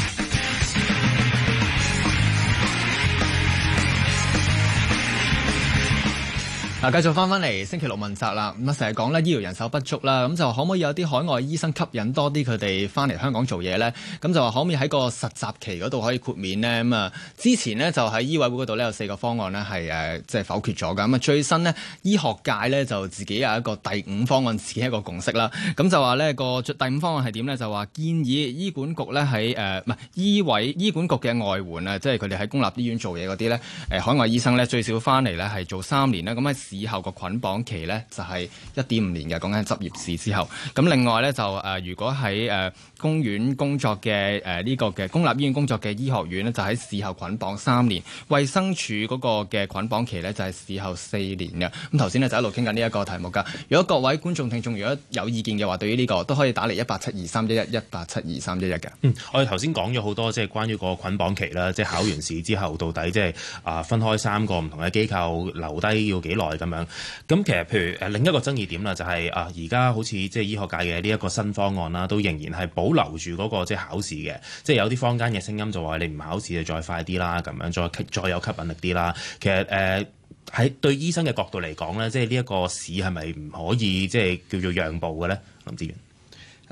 嗱，繼續翻翻嚟星期六問責啦。咁啊，成日講咧醫療人手不足啦，咁、嗯、就可唔可以有啲海外醫生吸引多啲佢哋翻嚟香港做嘢咧？咁、嗯、就話可唔可以喺個實習期嗰度可以豁免呢？咁、嗯、啊，之前呢，就喺醫委會嗰度呢，有四個方案呢，係誒即係否決咗㗎。咁、嗯、啊，最新呢，醫學界呢，就自己有一個第五方案自己一個共識啦。咁、嗯、就話呢個第五方案係點呢？就話建議醫管局呢，喺誒唔係醫委醫管局嘅外援啊，即係佢哋喺公立醫院做嘢嗰啲呢，誒、呃、海外醫生呢，最少翻嚟呢，係做三年咧。咁事後個捆綁期呢，就係一點五年嘅，講緊執業試之後。咁另外呢，就誒、呃，如果喺誒、呃、公園工、呃、公院工作嘅誒呢個嘅公立醫院工作嘅醫學院呢，就喺事後捆綁三年。衛生署嗰個嘅捆綁期呢，就係事後四年嘅。咁頭先呢，就一路傾緊呢一個題目㗎。如果各位觀眾聽眾，如果有意見嘅話，對於呢個都可以打嚟一八七二三一一一八七二三一一嘅。嗯，我哋頭先講咗好多，即係關於個捆綁期啦，即係考完試之後到底即係啊分開三個唔同嘅機構留低要幾耐？咁樣，咁其實，譬如誒另一個爭議點啦，就是，就係啊，而家好似即係醫學界嘅呢一個新方案啦，都仍然係保留住嗰，那個即係、就是、考試嘅，即係有啲坊間嘅聲音就話你唔考試就再快啲啦，咁樣再再有吸引力啲啦。其實誒喺，呃、對醫生嘅角度嚟講咧，即係呢一個試係咪唔可以即係叫做讓步嘅咧？林哲玄，誒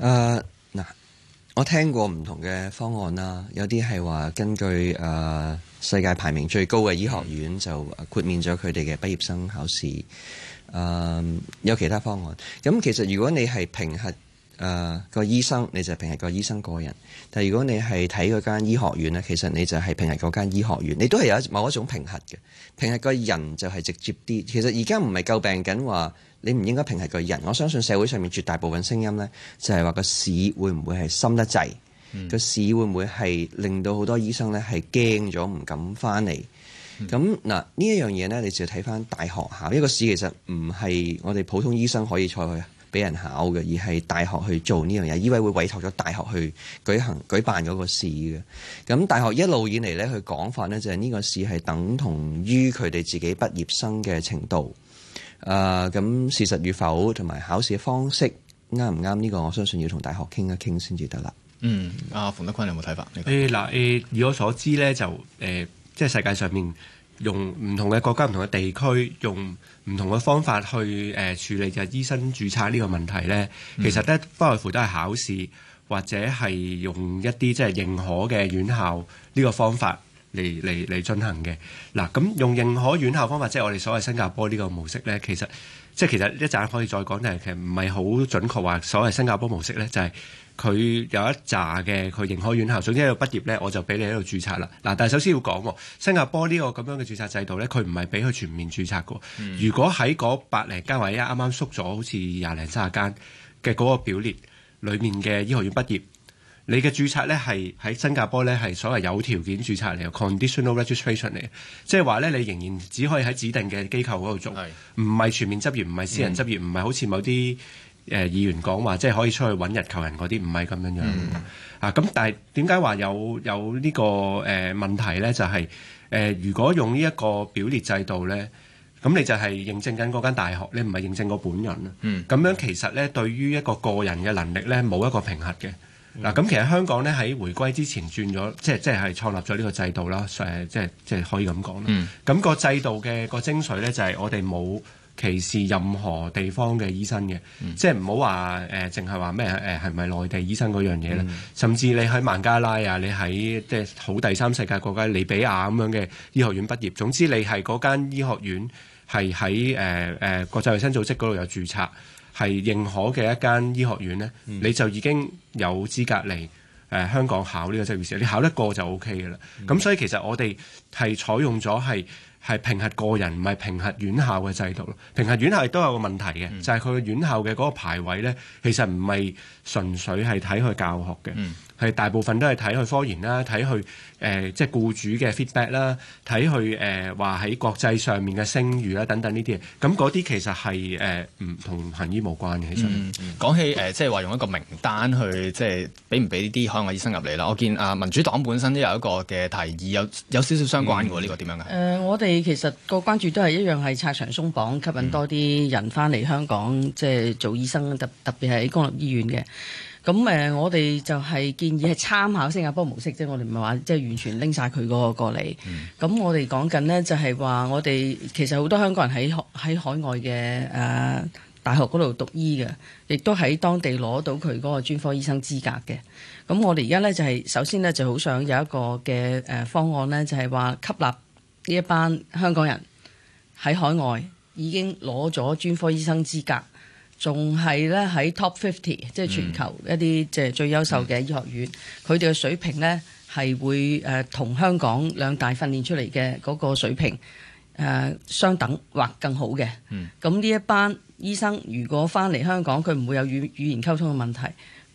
嗱，呃呃，我聽過唔同嘅方案啦，有啲係話根據誒。呃世界排名最高嘅醫學院就豁免咗佢哋嘅畢業生考試。嗯、呃，有其他方案。咁其實如果你係評核誒、呃那個醫生，你就係評核個醫生個人；但如果你係睇嗰間醫學院呢，其實你就係評核嗰間醫學院。你都係有一某一種評核嘅，評核個人就係直接啲。其實而家唔係詬病緊話，就是、你唔應該評核個人。我相信社會上面絕大部分聲音呢，就係、是、話個市會唔會係深得滯。個試、嗯、會唔會係令到好多醫生咧係驚咗，唔敢翻嚟咁嗱？呢一、嗯、樣嘢呢，你就要睇翻大學考一個試，試其實唔係我哋普通醫生可以再去俾人考嘅，而係大學去做呢樣嘢。醫委會委託咗大學去舉行舉辦嗰個試嘅。咁大學一路以嚟呢，佢講法呢就係、是、呢個試係等同於佢哋自己畢業生嘅程度。誒、呃、咁事實與否同埋考試嘅方式啱唔啱呢個，我相信要同大學傾一傾先至得啦。嗯，阿、啊、馮德焜有冇睇法？誒、這個哎，嗱、哎，誒、哎，以我所知咧，就誒、呃，即係世界上面用唔同嘅國家、唔同嘅地區用唔同嘅方法去誒、呃、處理就係醫生註冊呢個問題咧，其實咧不外乎都係考試或者係用一啲即係認可嘅院校呢個方法嚟嚟嚟進行嘅。嗱，咁用認可院校方法，即係我哋所謂新加坡呢個模式咧，其實即係其實一陣可以再講，但係其實唔係好準確話所謂新加坡模式咧，就係、是。佢有一紮嘅佢認可院校，總之喺度畢業呢，我就俾你喺度註冊啦。嗱，但係首先要講，新加坡呢個咁樣嘅註冊制度呢，佢唔係俾佢全面註冊嘅。嗯、如果喺嗰百零間或者啱啱縮咗好似廿零三十間嘅嗰個表列裡面嘅醫學院畢業，你嘅註冊呢係喺新加坡呢，係所謂有條件註冊嚟嘅 （Conditional Registration） 嚟即係話、就是、呢，你仍然只可以喺指定嘅機構嗰度做，唔係是全面執業，唔係私人執業，唔係、嗯、好似某啲。誒、呃、議員講話，即係可以出去揾日求人嗰啲，唔係咁樣樣、嗯、啊！咁但係點解話有有呢、這個誒、呃、問題咧？就係、是、誒、呃，如果用呢一個表列制度咧，咁你就係認證緊嗰間大學，你唔係認證個本人啦。咁、嗯、樣其實咧，嗯、對於一個個人嘅能力咧，冇一個平衡嘅嗱。咁、啊嗯嗯、其實香港咧喺回歸之前轉咗，即係即係係創立咗呢個制度啦。誒、呃，即係即係可以咁講啦。咁、嗯、個制度嘅個精髓咧，就係、是、我哋冇，就是歧視任何地方嘅醫生嘅，嗯、即係唔好話誒，淨係話咩誒係咪內地醫生嗰樣嘢咧？嗯、甚至你喺孟加拉啊，你喺即係好第三世界國家利比亞咁樣嘅醫學院畢業，總之你係嗰間醫學院係喺誒誒國際衞生組織嗰度有註冊，係認可嘅一間醫學院咧，嗯、你就已經有資格嚟誒、呃、香港考呢個執業試，你考得過就 O K 嘅啦。咁所以其實我哋係採用咗係。係評核個人，唔係評核院校嘅制度咯。評核院校亦都有個問題嘅，嗯、就係佢個院校嘅嗰個排位咧，其實唔係純粹係睇佢教學嘅。嗯係大部分都係睇佢科研啦，睇佢誒即係僱主嘅 feedback 啦，睇佢誒話喺國際上面嘅聲譽啦，等等呢啲嘢。咁嗰啲其實係誒唔同行醫無關嘅。其實、嗯、講起誒、呃，即係話用一個名單去即係俾唔俾呢啲海外醫生入嚟啦。我見啊，民主黨本身都有一個嘅提議有，有有少少相關嘅喎。呢、嗯、個點樣嘅？誒、呃，我哋其實個關注都係一樣，係拆牆鬆綁，吸引多啲人翻嚟香港即係做醫生，特特別係喺公立醫院嘅。咁誒，我哋就係建議係參考新加坡模式啫，即係、我哋唔係話即係完全拎晒佢嗰個過嚟。咁、嗯、我哋講緊呢就係話我哋其實好多香港人喺喺海外嘅誒、啊、大學嗰度讀醫嘅，亦都喺當地攞到佢嗰個專科醫生資格嘅。咁我哋而家呢就係、係、首先呢，就好想有一個嘅誒方案呢，就係話吸納呢一班香港人喺海外已經攞咗專科醫生資格。仲係咧喺 Top 50，即係全球一啲即係最優秀嘅醫學院，佢哋嘅水平呢係會誒、呃、同香港兩大訓練出嚟嘅嗰個水平誒相、呃、等或更好嘅。咁呢、嗯、一班醫生如果翻嚟香港，佢唔會有語語言溝通嘅問題，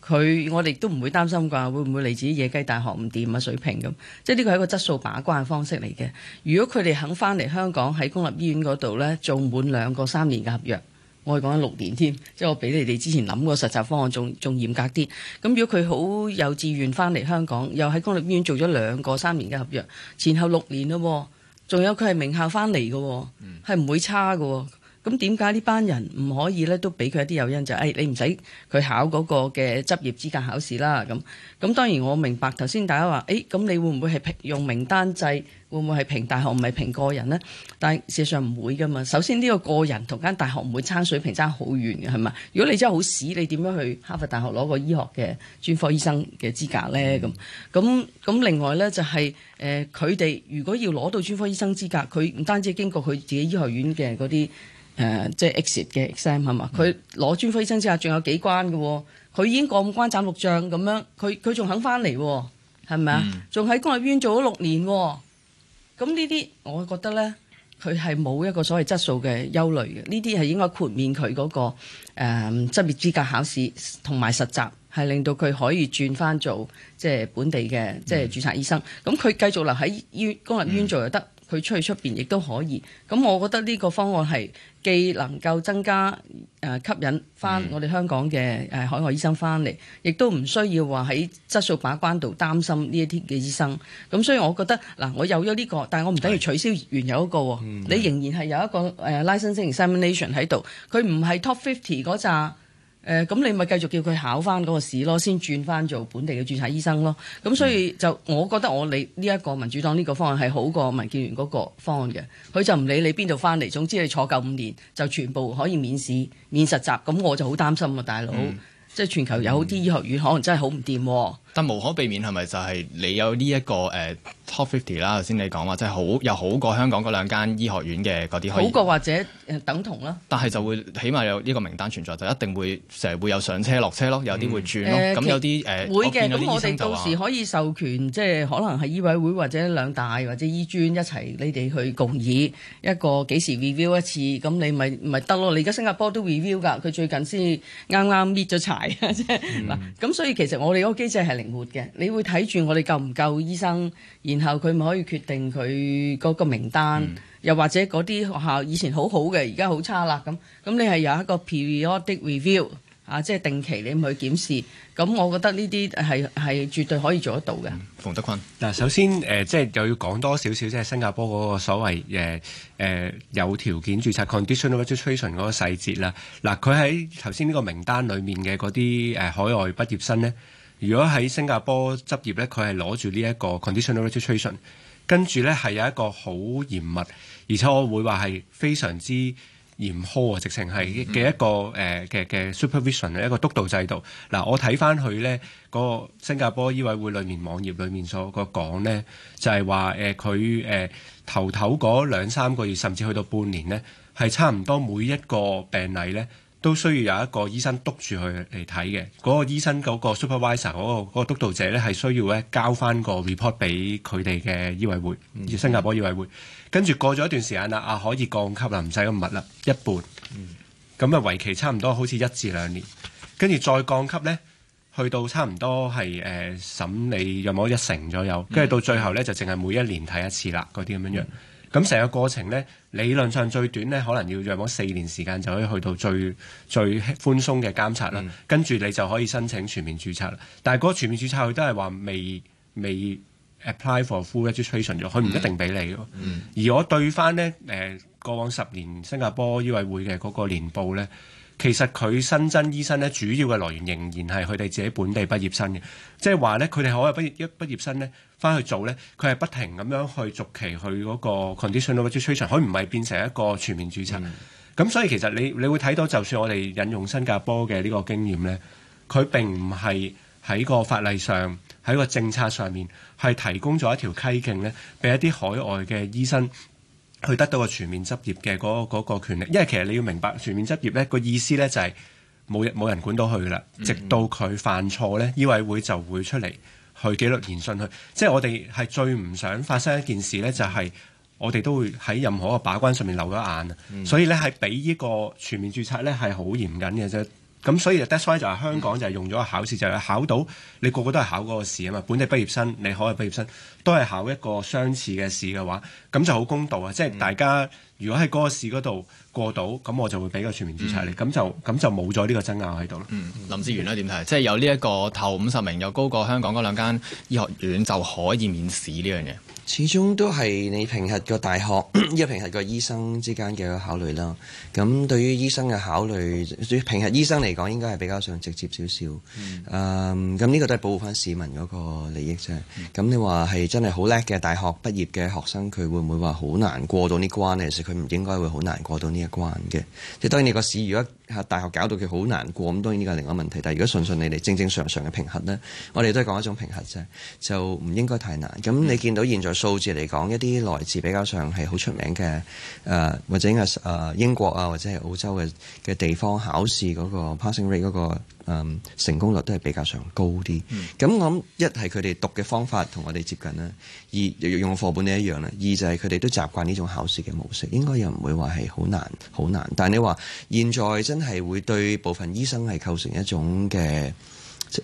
佢我哋都唔會擔心啩，會唔會嚟自啲野雞大學唔掂啊水平咁？即係呢個係一個質素把關嘅方式嚟嘅。如果佢哋肯翻嚟香港喺公立醫院嗰度呢，做滿兩個三年嘅合約。我哋講緊六年添，即係我比你哋之前諗個實習方案仲仲嚴格啲。咁如果佢好有志願翻嚟香港，又喺公立醫院做咗兩個三年嘅合約，前後六年咯，仲有佢係名校翻嚟嘅，係唔、嗯、會差嘅。咁點解呢班人唔可以咧？都俾佢一啲誘因就係、是哎，你唔使佢考嗰個嘅執業資格考試啦。咁咁當然我明白頭先大家話，誒、哎、咁你會唔會係用名單制？會唔會係評大學唔係評個人呢？但事實上唔會噶嘛。首先呢、呢個個人同間大學唔會差水平差好遠嘅係咪？如果你真係好屎，你點樣去哈佛大學攞個醫學嘅專科醫生嘅資格呢？咁咁咁另外呢，就係誒佢哋如果要攞到專科醫生資格，佢唔單止經過佢自己醫學院嘅嗰啲。誒，即係 exit 嘅 exam 係、right? 嘛、mm？佢攞專科醫生之後，仲有幾關嘅、哦？佢已經過五關斬六將咁樣，佢佢仲肯翻嚟係咪啊？仲喺、mm hmm. 公立醫院做咗六年、哦，咁呢啲我覺得咧，佢係冇一個所謂質素嘅憂慮嘅。呢啲係應該豁免佢嗰、那個誒、呃、執業資格考試同埋實習，係令到佢可以轉翻做即係本地嘅即係註冊醫生。咁佢、mm hmm. 繼續留喺醫公立醫院做又得。Mm hmm. 佢出去出邊亦都可以，咁我覺得呢個方案係既能夠增加誒、呃、吸引翻我哋香港嘅誒海外醫生翻嚟，亦、嗯、都唔需要話喺質素把關度擔心呢一啲嘅醫生。咁所以我覺得嗱，我有咗呢、這個，但係我唔等於取消原有一個喎，是你仍然係有一個誒、呃、licensing examination 喺度，佢唔係 top fifty 嗰咋。誒咁、呃、你咪繼續叫佢考翻嗰個試咯，先轉翻做本地嘅註冊醫生咯。咁所以就我覺得我哋呢一個民主黨呢個方案係好過民建聯嗰個方案嘅。佢就唔理你邊度翻嚟，總之你坐夠五年就全部可以免試免實習。咁我就好擔心啊，大佬，嗯、即係全球有啲醫學院可能真係好唔掂、啊。但無可避免係咪就係你有呢、這、一個誒、uh, top fifty 啦？頭先你講話即係好又好過香港嗰兩間醫學院嘅嗰啲好過或者等同啦。但係就會起碼有呢個名單存在，就一定會成日會有上車落車咯，有啲會轉咯。咁、嗯呃、有啲誒、呃、會嘅的，咁我哋到，到時可以授權，即係可能係醫委會或者兩大或者醫專一齊，你哋去共議一個幾時 review 一次。咁你咪咪得咯？你而家新加坡都 review 㗎，佢最近先啱啱搣咗柴啊！即 嗱、嗯，咁 所以其實我哋個機制係活嘅，你會睇住我哋夠唔夠醫生，然後佢咪可以決定佢嗰個名單，又或者嗰啲學校以前好好嘅，而家好差啦。咁咁，你係有一個 periodic review 啊，即係定期你咪去檢視。咁我覺得呢啲係係絕對可以做得到嘅。馮德焜嗱，首先誒，即係又要講多少少，即係新加坡嗰個所謂誒誒有條件注冊 conditional registration 嗰個細節啦。嗱，佢喺頭先呢個名單裡面嘅嗰啲誒海外畢業生咧。如果喺新加坡執業呢，佢係攞住呢一個 conditional registration，跟住呢係有一個好嚴密，而且我會話係非常之嚴苛啊，直情係嘅一個誒嘅嘅 supervision，一個督導制度。嗱、呃，我睇翻佢呢嗰、嗰個新加坡醫委會裡面網頁裡面所個講呢，就係話誒佢誒頭頭嗰兩三個月，甚至去到半年呢，係差唔多每一個病例呢。都需要有一個醫生督住佢嚟睇嘅，嗰、那個醫生嗰、那個 supervisor 嗰、那個那個督導者咧，係需要咧交翻個 report 俾佢哋嘅醫委會，而 Okay. 新加坡醫委會。跟住過咗一段時間啦，啊可以降級啦，唔使咁密啦，一半。咁啊、mm.，為期差唔多好似一至兩年，跟住再降級咧，去到差唔多係誒、呃、審理有冇一成左右，跟住、mm. 到最後咧就淨係每一年睇一次啦，嗰啲咁樣。Mm. 咁成個過程呢，理論上最短呢，可能要約滿四年時間就可以去到最最寬鬆嘅監察啦。跟住、嗯、你就可以申請全面註冊啦。但係嗰個全面註冊佢都係話未未 apply for full registration 咗，佢唔一定俾你咯。嗯嗯、而我對翻呢，誒過往十年新加坡醫委會嘅嗰個年報呢，其實佢新增醫生呢，主要嘅來源仍然係佢哋自己本地畢業生嘅，即係話呢，佢哋可以畢業一畢業生呢。翻去做咧，佢係不停咁樣去逐期去嗰個 conditional registration，佢唔係變成一個全面註冊。咁、嗯、所以其實你你會睇到，就算我哋引用新加坡嘅呢個經驗咧，佢並唔係喺個法例上，喺個政策上面係提供咗一條溪徑咧，俾一啲海外嘅醫生去得到個全面執業嘅嗰嗰個權利。因為其實你要明白，全面執業咧、個意思咧就係冇冇人管到佢噶啦，嗯嗯直到佢犯錯咧，醫委會就會出嚟。去紀律研訊去，即係我哋係最唔想發生一件事呢，就係、是，我哋都會喺任何一個把關上面留咗眼啊。嗯、所以呢，係俾呢個全面註冊呢係好嚴謹嘅啫。咁所以 why, 就 That's why 就係香港就係用咗個考試。嗯、就係考到你個個都係考嗰個試啊嘛。本地畢業生，你海外畢業生都係考一個相似嘅試嘅話，咁就好公道啊。即係大家。嗯如果喺嗰市嗰度過到，咁我就會俾個全面註冊你，咁、嗯、就咁就冇咗呢個爭拗喺度咯。嗯，林哲玄咧點睇？即係有呢、這、一個頭五十名有高過香港嗰兩間醫學院就可以免試呢樣嘢。始終都係你平日個大學，呢個 平日個醫生之間嘅考慮啦。咁對於醫生嘅考慮，對於平日醫生嚟講，應該係比較上直接少少。嗯，嗯。咁呢個都係保護翻市民嗰個利益啫。咁你話係真係好叻嘅大學畢業嘅學生，佢會唔會話好難過到呢關咧？其實佢唔應該會好難過到呢一關嘅。即係當然你個市如果，大學搞到佢好難過，咁當然呢個係另外一個問題。但係如果順順你哋正正常常嘅平衡呢，我哋都係講一種平衡啫，就唔應該太難。咁你見到現在數字嚟講，一啲來自比較上係好出名嘅誒、呃，或者係英國啊，或者係澳洲嘅嘅地方考試嗰個 passing rate 嗰個。嗯，成功率都係比較上高啲。咁、嗯、我諗一係佢哋讀嘅方法同我哋接近啦，二用用課本都一樣啦。二就係佢哋都習慣呢種考試嘅模式，應該又唔會話係好難好難。但係你話現在真係會對部分醫生係構成一種嘅誒、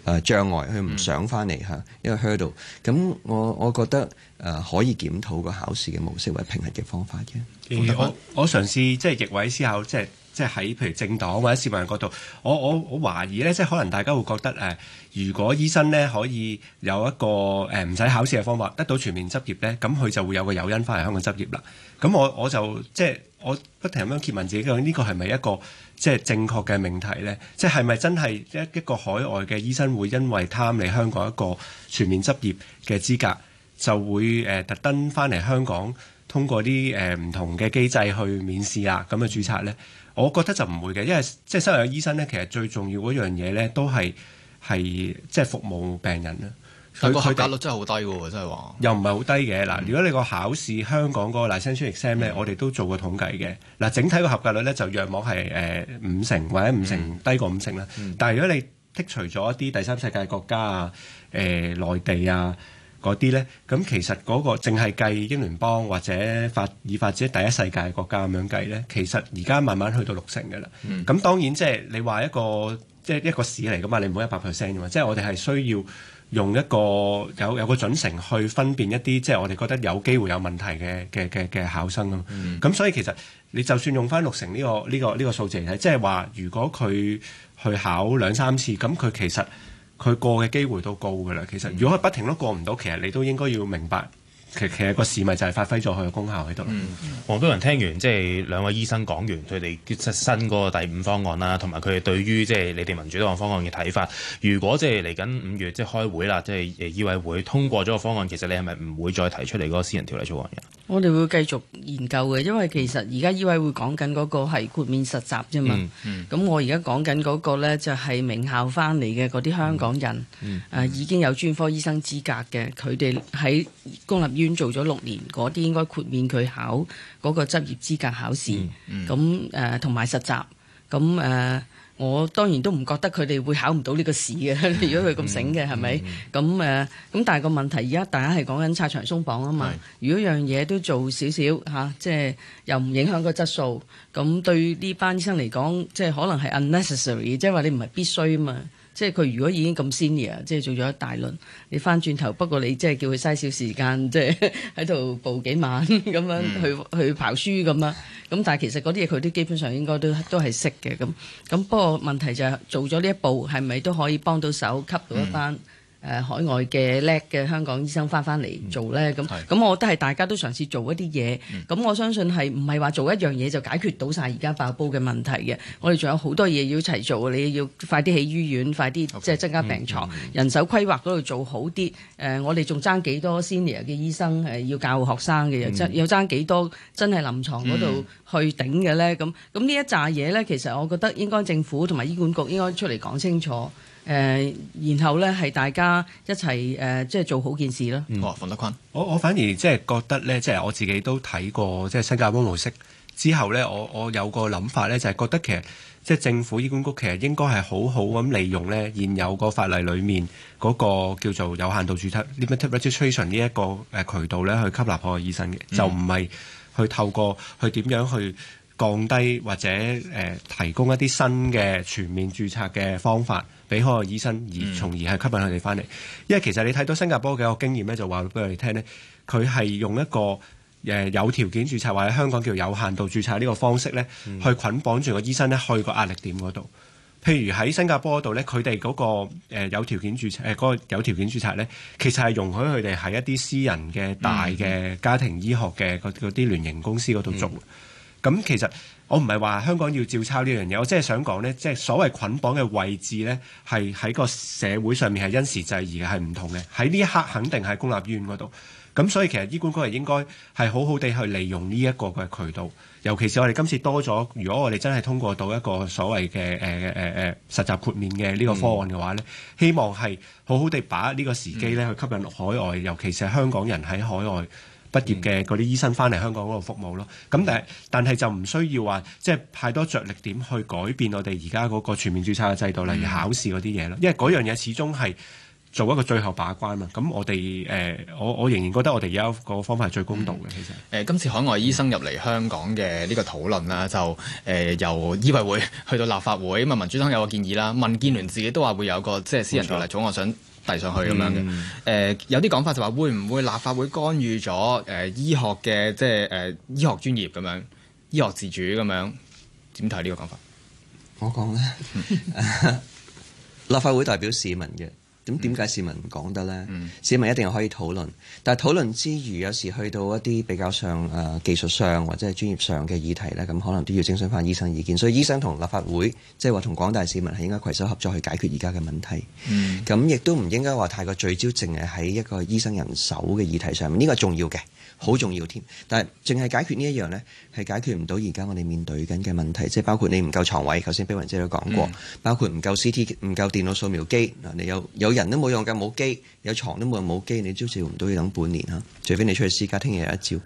呃、障礙，佢唔想翻嚟吓，嗯、一個 hurdle。咁我我覺得誒、呃、可以檢討個考試嘅模式或者平衡嘅方法嘅、欸。我我嘗試、嗯、即係逆位思考即係。即即係喺譬如政黨或者市民角度，我我我懷疑呢，即係可能大家會覺得誒、呃，如果醫生呢可以有一個誒唔使考試嘅方法，得到全面執業呢，咁佢就會有個誘因翻嚟香港執業啦。咁我我就即係我不停咁樣揭問自己，究竟呢個係咪一個即係正確嘅命題呢？即係係咪真係一一個海外嘅醫生會因為貪嚟香港一個全面執業嘅資格，就會誒、呃、特登翻嚟香港通過啲誒唔同嘅機制去面試呀，咁去註冊呢？我覺得就唔會嘅，因為即係身為一個醫生咧，其實最重要嗰樣嘢咧，都係係即係服務病人啦。但係個合格率真係好低喎、啊，真係話，又唔係好低嘅嗱，嗯、如果你個考試香港嗰個 Licentiate Exam 咧，嗯、我哋都做過統計嘅嗱，整體個合格率咧就約莫係誒五成或者五成低過五成啦。嗯、但係如果你剔除咗一啲第三世界國家啊、誒、呃、內地啊。嗰啲咧，咁其實嗰、那個淨係計英聯邦或者法以或者第一世界國家咁樣計咧，其實而家慢慢去到六成嘅啦。咁、嗯、當然即係你話一個即係、就是、一個市嚟噶嘛，你唔好一百 percent 嘅嘛。即係、就是、我哋係需要用一個有有個準繩去分辨一啲即係我哋覺得有機會有問題嘅嘅嘅嘅考生咯。咁、嗯、所以其實你就算用返六成呢、這個呢、這個呢、這個數字嚟睇，即係話如果佢去考兩三次，咁佢其實。佢過嘅機會都高嘅啦，其實如果佢不停都過唔到，其實你都應該要明白，其其實個市民就係發揮咗佢嘅功效喺度。嗯嗯、黃碧雲聽完即係、就是、兩位醫生講完佢哋新嗰個第五方案啦，同埋佢哋對於即係、就是、你哋民主黨方案嘅睇法。如果即係嚟緊五月即係、就是、開會啦，即、就、係、是、醫委會，會通過咗個方案，其實你係咪唔會再提出嚟嗰個私人條例草案嘅？我哋會繼續研究嘅，因為其實而家醫委會講緊嗰個係豁免實習啫嘛。咁、嗯嗯、我而家講緊嗰個呢就係名校翻嚟嘅嗰啲香港人，誒、嗯嗯啊、已經有專科醫生資格嘅，佢哋喺公立醫院做咗六年，嗰啲應該豁免佢考嗰個執業資格考試。咁誒同埋實習，咁、啊、誒。我當然都唔覺得佢哋會考唔到呢個試嘅， 如果佢咁醒嘅係咪？咁誒，咁但係個問題而家大家係講緊拆牆鬆綁啊嘛。是如果樣嘢都做少少嚇，啊，即係又唔影響個質素，咁對呢班醫生嚟講，即係可能係 unnecessary，即係話你唔係必須啊嘛。即係佢如果已經咁 senior，即係做咗一大輪，你翻轉頭，不過你即係叫佢嘥少時間，即係喺度報幾晚咁樣去去刨書咁啊，咁但係其實嗰啲嘢佢都基本上應該都都係識嘅咁，咁不過問題就係做咗呢一步係咪都可以幫到手，吸到一班、嗯？誒、呃、海外嘅叻嘅香港醫生翻翻嚟做咧，咁咁、嗯嗯、我都係大家都嘗試做一啲嘢，咁、嗯、我相信係唔係話做一樣嘢就解決到晒而家爆煲嘅問題嘅？我哋仲有好多嘢要一齊做，你要快啲起醫院，快啲、嗯、即係增加病床，嗯嗯、人手規劃嗰度做好啲。誒、呃，我哋仲爭幾多 senior 嘅醫生誒要教學生嘅，又爭又爭幾多真係臨床嗰度去頂嘅咧？咁咁、嗯嗯嗯嗯、呢一紮嘢咧，其實我覺得應該政府同埋醫管局應該出嚟講清楚。誒、呃，然後咧係大家一齊誒，即、呃、係做好件事咯。好啊、嗯，馮德坤，我我反而即係覺得咧，即、就、係、是、我自己都睇過即係、就是、新加坡模式之後咧，我我有個諗法咧，就係、是、覺得其實即係、就是、政府醫管局其實應該係好好咁利用咧現有個法例裏面嗰、那個叫做有限度註冊 Limited Registration 呢一個誒渠道咧去吸納海外醫生嘅，嗯、就唔係去透過去點樣去。降低或者誒、呃、提供一啲新嘅全面註冊嘅方法，俾嗰個醫生，而從而係吸引佢哋翻嚟。因為其實你睇到新加坡嘅一個經驗咧，就話俾我哋聽咧，佢係用一個誒、呃、有條件註冊或者香港叫有限度註冊呢個方式咧，去捆綁住個醫生咧去個壓力點嗰度。譬如喺新加坡嗰度咧，佢哋嗰個誒、呃、有條件註冊誒嗰個有條件註冊咧，其實係容許佢哋喺一啲私人嘅大嘅家庭醫學嘅嗰啲聯營公司嗰度做。咁其實我唔係話香港要照抄呢樣嘢，我即係想講，呢即係所謂捆綁嘅位置呢係喺個社會上面係因時制宜嘅，係唔同嘅。喺呢一刻肯定係公立醫院嗰度，咁所以其實醫管局係應該係好好地去利用呢一個嘅渠道，尤其是我哋今次多咗，如果我哋真係通過到一個所謂嘅誒誒誒實習豁免嘅呢個方案嘅話呢、嗯、希望係好好地把握呢個時機咧，去吸引海外，嗯、尤其是係香港人喺海外。畢業嘅嗰啲醫生翻嚟香港嗰度服務咯，咁、嗯、但係但係就唔需要話即係太多着力點去改變我哋而家嗰個全面註冊嘅制度、嗯、例如考試嗰啲嘢啦，因為嗰樣嘢始終係做一個最後把關嘛。咁我哋誒、呃，我我仍然覺得我哋而家嗰個方法係最公道嘅、嗯、其實。誒、呃，今次海外醫生入嚟香港嘅呢個討論啦，嗯、就誒、呃、由醫委會去到立法會，咁啊，民主黨有個建議啦，民建聯自己都話會有個即係、就是、私人條例草案，我想沒錯。遞上去咁樣嘅，誒、嗯呃、有啲講法就話會唔會立法會干預咗誒、呃、醫學嘅即係誒、呃、醫學專業咁樣醫學自主咁樣，點睇呢個講法？我講咧，嗯、 立法會代表市民嘅。咁點解市民唔講得呢？嗯、市民一定可以討論，但係討論之餘，有時去到一啲比較上誒、呃、技術上或者係專業上嘅議題咧，咁可能都要徵詢返醫生意見。所以醫生同立法會即係話同廣大市民係應該攜手合作去解決而家嘅問題。咁亦都唔應該話太過聚焦，淨係喺一個醫生人手嘅議題上面。呢、呢個重要嘅，好重要添。但係淨係解決呢一樣呢，係解決唔到而家我哋面對緊嘅問題。即、就、係、係、包括你唔夠床位，頭先碧雲姐都講過；嗯、包括唔夠 CT，唔夠電腦掃描機。嗱，你有有，有人都冇用嘅，冇機有床都冇用，冇機你朝治唔到，要等半年吓。除非你出去私家，聽日一照。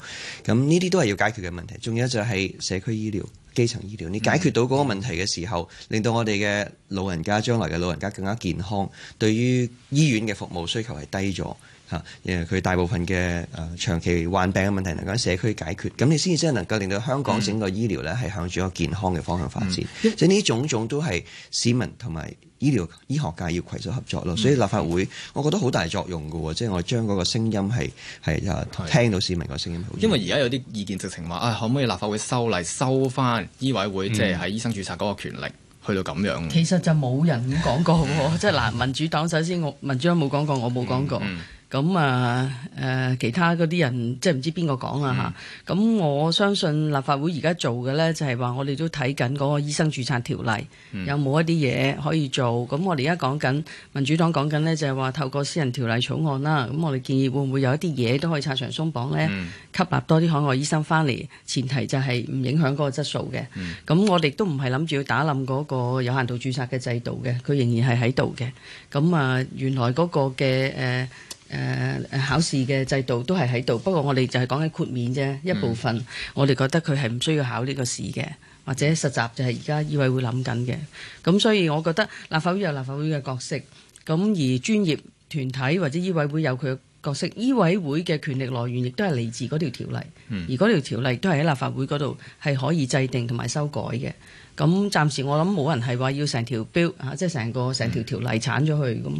咁呢啲都係要解決嘅問題。仲有就係社區醫療、基層醫療，你解決到嗰個問題嘅時候，令到我哋嘅老人家將來嘅老人家更加健康。對於醫院嘅服務需求係低咗吓，誒佢大部分嘅誒長期患病嘅問題能夠喺社區解決，咁你先至真係能夠令到香港整個醫療咧係向住一個健康嘅方向發展。即係呢種種都係市民同埋。醫療醫學界要攜手合作咯，所以立法會我覺得好大作用嘅喎，即係我將嗰個聲音係係啊聽到市民個聲音好，因為而家有啲意見直情話啊，可唔可以立法會修例收翻醫委會，即係喺醫生註冊嗰個權力去到咁樣？嗯、其實就冇人咁講過喎，即係嗱，民主黨首先我文章冇講過，我冇講過。嗯嗯咁啊誒，嗯、其他嗰啲人即係唔知邊個講啊吓，咁、嗯嗯、我相信立法會而家做嘅咧，就係話我哋都睇緊嗰個醫生註冊條例，嗯、有冇一啲嘢可以做。咁、嗯、我哋而家講緊民主黨講緊咧，就係話透過私人條例草案啦。咁、嗯、我哋建議會唔會有一啲嘢都可以拆牆鬆綁咧？嗯、吸納多啲海外醫生翻嚟，前提就係唔影響嗰個質素嘅。咁、嗯嗯、我哋都唔係諗住要打冧嗰個有限度註冊嘅制度嘅，佢仍然係喺度嘅。咁啊、嗯，原來嗰個嘅誒。誒、uh, 考試嘅制度都係喺度，不過我哋就係講緊豁免啫，一部分我哋覺得佢係唔需要考呢個試嘅，或者實習就係而家醫委會諗緊嘅，咁所以我覺得立法會有立法會嘅角色，咁而專業團體或者醫委會有佢嘅角色，醫委會嘅權力來源亦都係嚟自嗰條條例，而嗰條條例都係喺立法會嗰度係可以制定同埋修改嘅。咁暫時我諗冇人係話要成條標啊，即係成個成條條例鏟咗去咁誒、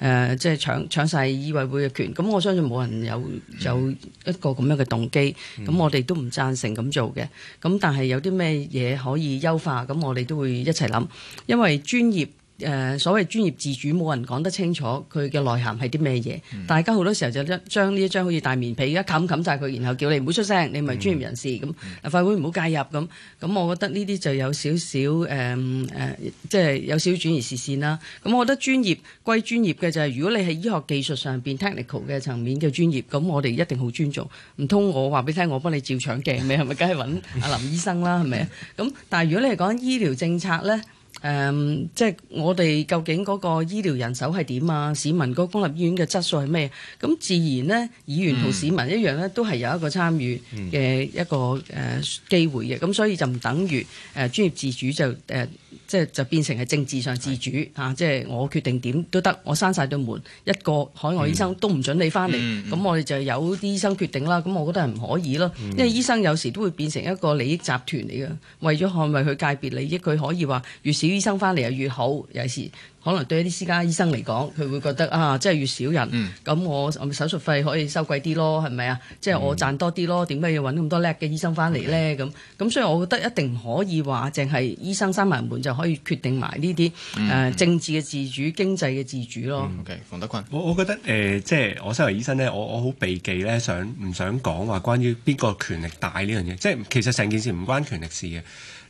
呃，即係搶搶曬醫委會嘅權。咁我相信冇人有有一個咁樣嘅動機。咁我哋都唔贊成咁做嘅。咁但係有啲咩嘢可以優化，咁我哋都會一齊諗，因為專業。誒，所謂專業自主，冇人講得清楚佢嘅內涵係啲咩嘢，大家好多時候就將呢一張好似大棉被，一冚冚晒佢，然後叫你唔好出聲，你咪專業人士咁，立、嗯、法會唔好介入咁。咁我覺得呢啲就有少少誒誒，即、嗯、係、啊就係、有少少轉移視線啦。咁我覺得專業歸專業嘅就係、係，如果你係醫學技術上邊 technical 嘅層面嘅專業，咁我哋一定好尊重。唔通我話俾你聽，我幫你照腸鏡，你係咪？係咪？梗係揾阿林醫生啦，係咪？咁但係如果你係講醫療政策咧。呢誒，um, 即係我哋究竟嗰個醫療人手係點啊？市民個公立醫院嘅質素係咩？咁自然咧，議員同市民一樣咧，都係有一個參與嘅一個誒、呃嗯、機會嘅。咁所以就唔等於誒、呃、專業自主就誒、呃，即係就變成係政治上自主吓是、啊，即係我決定點都得，我閂晒對門，一個海外醫生都唔准你翻嚟。咁、嗯、我哋就有啲醫生決定啦。咁我覺得係唔可以咯，因為醫生有時都會變成一個利益集團嚟嘅，為咗捍衛佢界別利益，佢可以話。醫生翻嚟又越好，有陣時可能對一啲私家醫生嚟講，佢會覺得啊，即係越少人，咁我手術費可以收貴啲咯，係咪啊？即係我賺多啲咯，點解要揾咁多叻嘅醫生翻嚟呢？咁咁，所以我覺得一定唔可以話淨係醫生閂埋門就可以決定埋呢啲誒政治嘅自主、經濟嘅自主咯。OK，馮德焜，我我覺得誒，即係我身為醫生呢，我我好避忌呢，想唔想講話關於邊個權力大呢樣嘢？即係其實成件事唔關權力事嘅。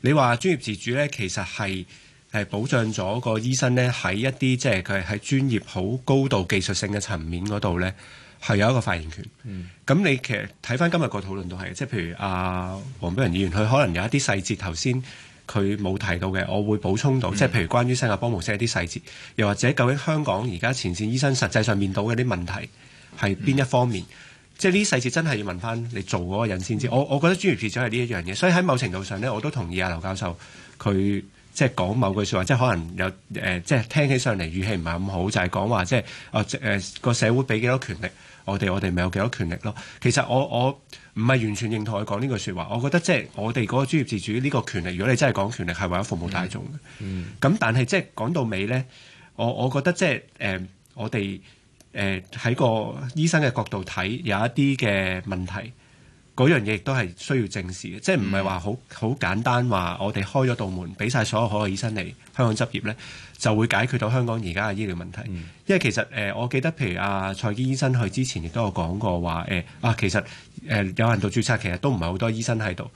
你話專業自主呢，其實係。係保障咗個醫生咧，喺一啲即係佢喺專業好高度技術性嘅層面嗰度咧，係有一個發言權。咁你其實睇翻今日個討論都係即係，譬如阿黃碧雲議員，佢可能有一啲細節頭先佢冇提到嘅，我會補充到，即係譬如關於新加坡模式一啲細節，又或者究竟香港而家前線醫生實際上面到嘅啲問題係邊一方面？即係呢啲細節真係要問翻你做嗰個人先知。我我覺得專業撇走係呢一樣嘢，所以喺某程度上呢，我都同意阿劉教授佢。即係講某句説話，即係可能有誒、呃，即係聽起上嚟語氣唔係咁好，就係講話即係哦誒個社會俾幾多權力，我哋我哋咪有幾多權力咯？其實我我唔係完全認同佢講呢句説話，我覺得即係我哋嗰個專業自主呢個權力，如果你真係講權力係為咗服務大眾嘅，咁、嗯嗯、但係即係講到尾咧，我我覺得即係誒、呃、我哋誒喺個醫生嘅角度睇，有一啲嘅問題。嗰樣嘢亦都係需要正視嘅，即係唔係話好好簡單話，我哋開咗道門，俾晒所有海外醫生嚟香港執業呢，就會解決到香港而家嘅醫療問題。因為其實誒，我記得譬如阿蔡堅醫生去之前亦都有講過話誒，啊其實誒有限度註冊其實都唔係好多醫生喺度。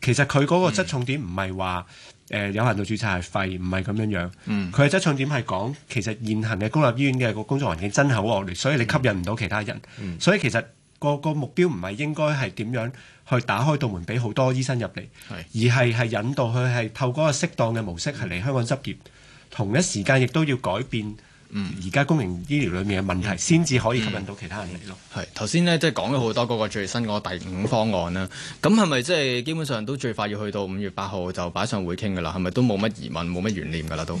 其實佢嗰個側重點唔係話誒有限度註冊係廢，唔係咁樣樣。嗯，佢嘅側重點係講其實現行嘅公立醫院嘅個工作環境真係好惡劣，所以你吸引唔到其他人。嗯，所以其實。個個目標唔係應該係點樣去打開道門俾好多醫生入嚟，是而係係引導佢係透過個適當嘅模式係嚟香港執業，同一時間亦都要改變。嗯，而家公營醫療裡面嘅問題，先至、嗯、可以吸引到其他人嚟咯。係頭先咧，即係講咗好多嗰個最新嗰個第五方案啦。咁係咪即係基本上都最快要去到五月八號就擺上會傾㗎啦？係咪都冇乜疑問，冇乜懸念㗎啦？都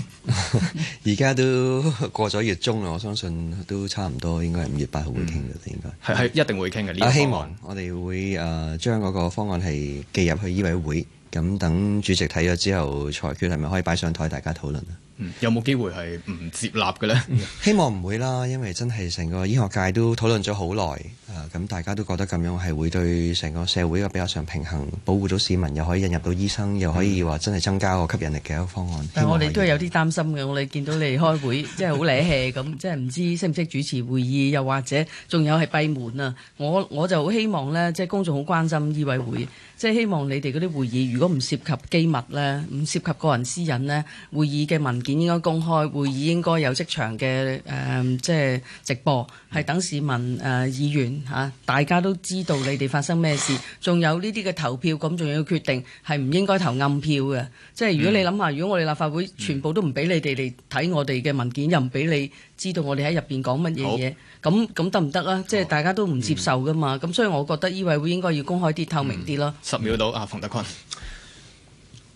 而家都過咗月中啦，我相信都差唔多，應該係五月八號會傾嘅啦，嗯、應該係係一定會傾嘅。我、啊、希望我哋會誒、呃、將嗰個方案係寄入去醫委會，咁等主席睇咗之後裁決，係咪可以擺上台大家討論？嗯、有冇機會係唔接納嘅呢、嗯？希望唔會啦，因為真係成個醫學界都討論咗好耐，誒、呃、咁大家都覺得咁樣係會對成個社會一個比較上平衡，保護到市民，又可以引入到醫生，又可以話真係增加個吸引力嘅一個方案。嗯、但係我哋都係有啲擔心嘅， 我哋見到你哋開會即係好瀨氣咁，即係唔知識唔識主持會議，又或者仲有係閉門啊？我我就好希望呢，即係公眾好關心醫委會，即係希望你哋嗰啲會議，如果唔涉及機密呢，唔涉及個人私隱呢，會議嘅文件應該公開，會議應該有即場嘅誒、呃，即係直播，係等市民、誒、呃、議員嚇、啊，大家都知道你哋發生咩事，仲有呢啲嘅投票，咁仲要決定係唔應該投暗票嘅。即係如果你諗下，如果我哋立法會全部都唔俾你哋嚟睇我哋嘅文件，又唔俾你知道我哋喺入邊講乜嘢嘢，咁咁得唔得啊？即係大家都唔接受噶嘛。咁、嗯、所以我覺得醫委會應該要公開啲、透明啲啦。十、嗯、秒到，啊，馮德焜。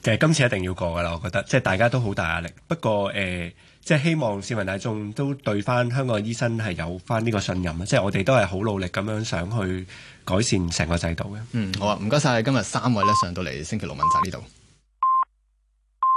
其實今次一定要過噶啦，我覺得，即係大家都好大壓力。不過誒，即、呃、係希望市民大眾都對翻香港醫生係有翻呢個信任啊！即係我哋都係好努力咁樣想去改善成個制度嘅。嗯，好啊，唔該晒今日三位咧上到嚟星期六問責呢度。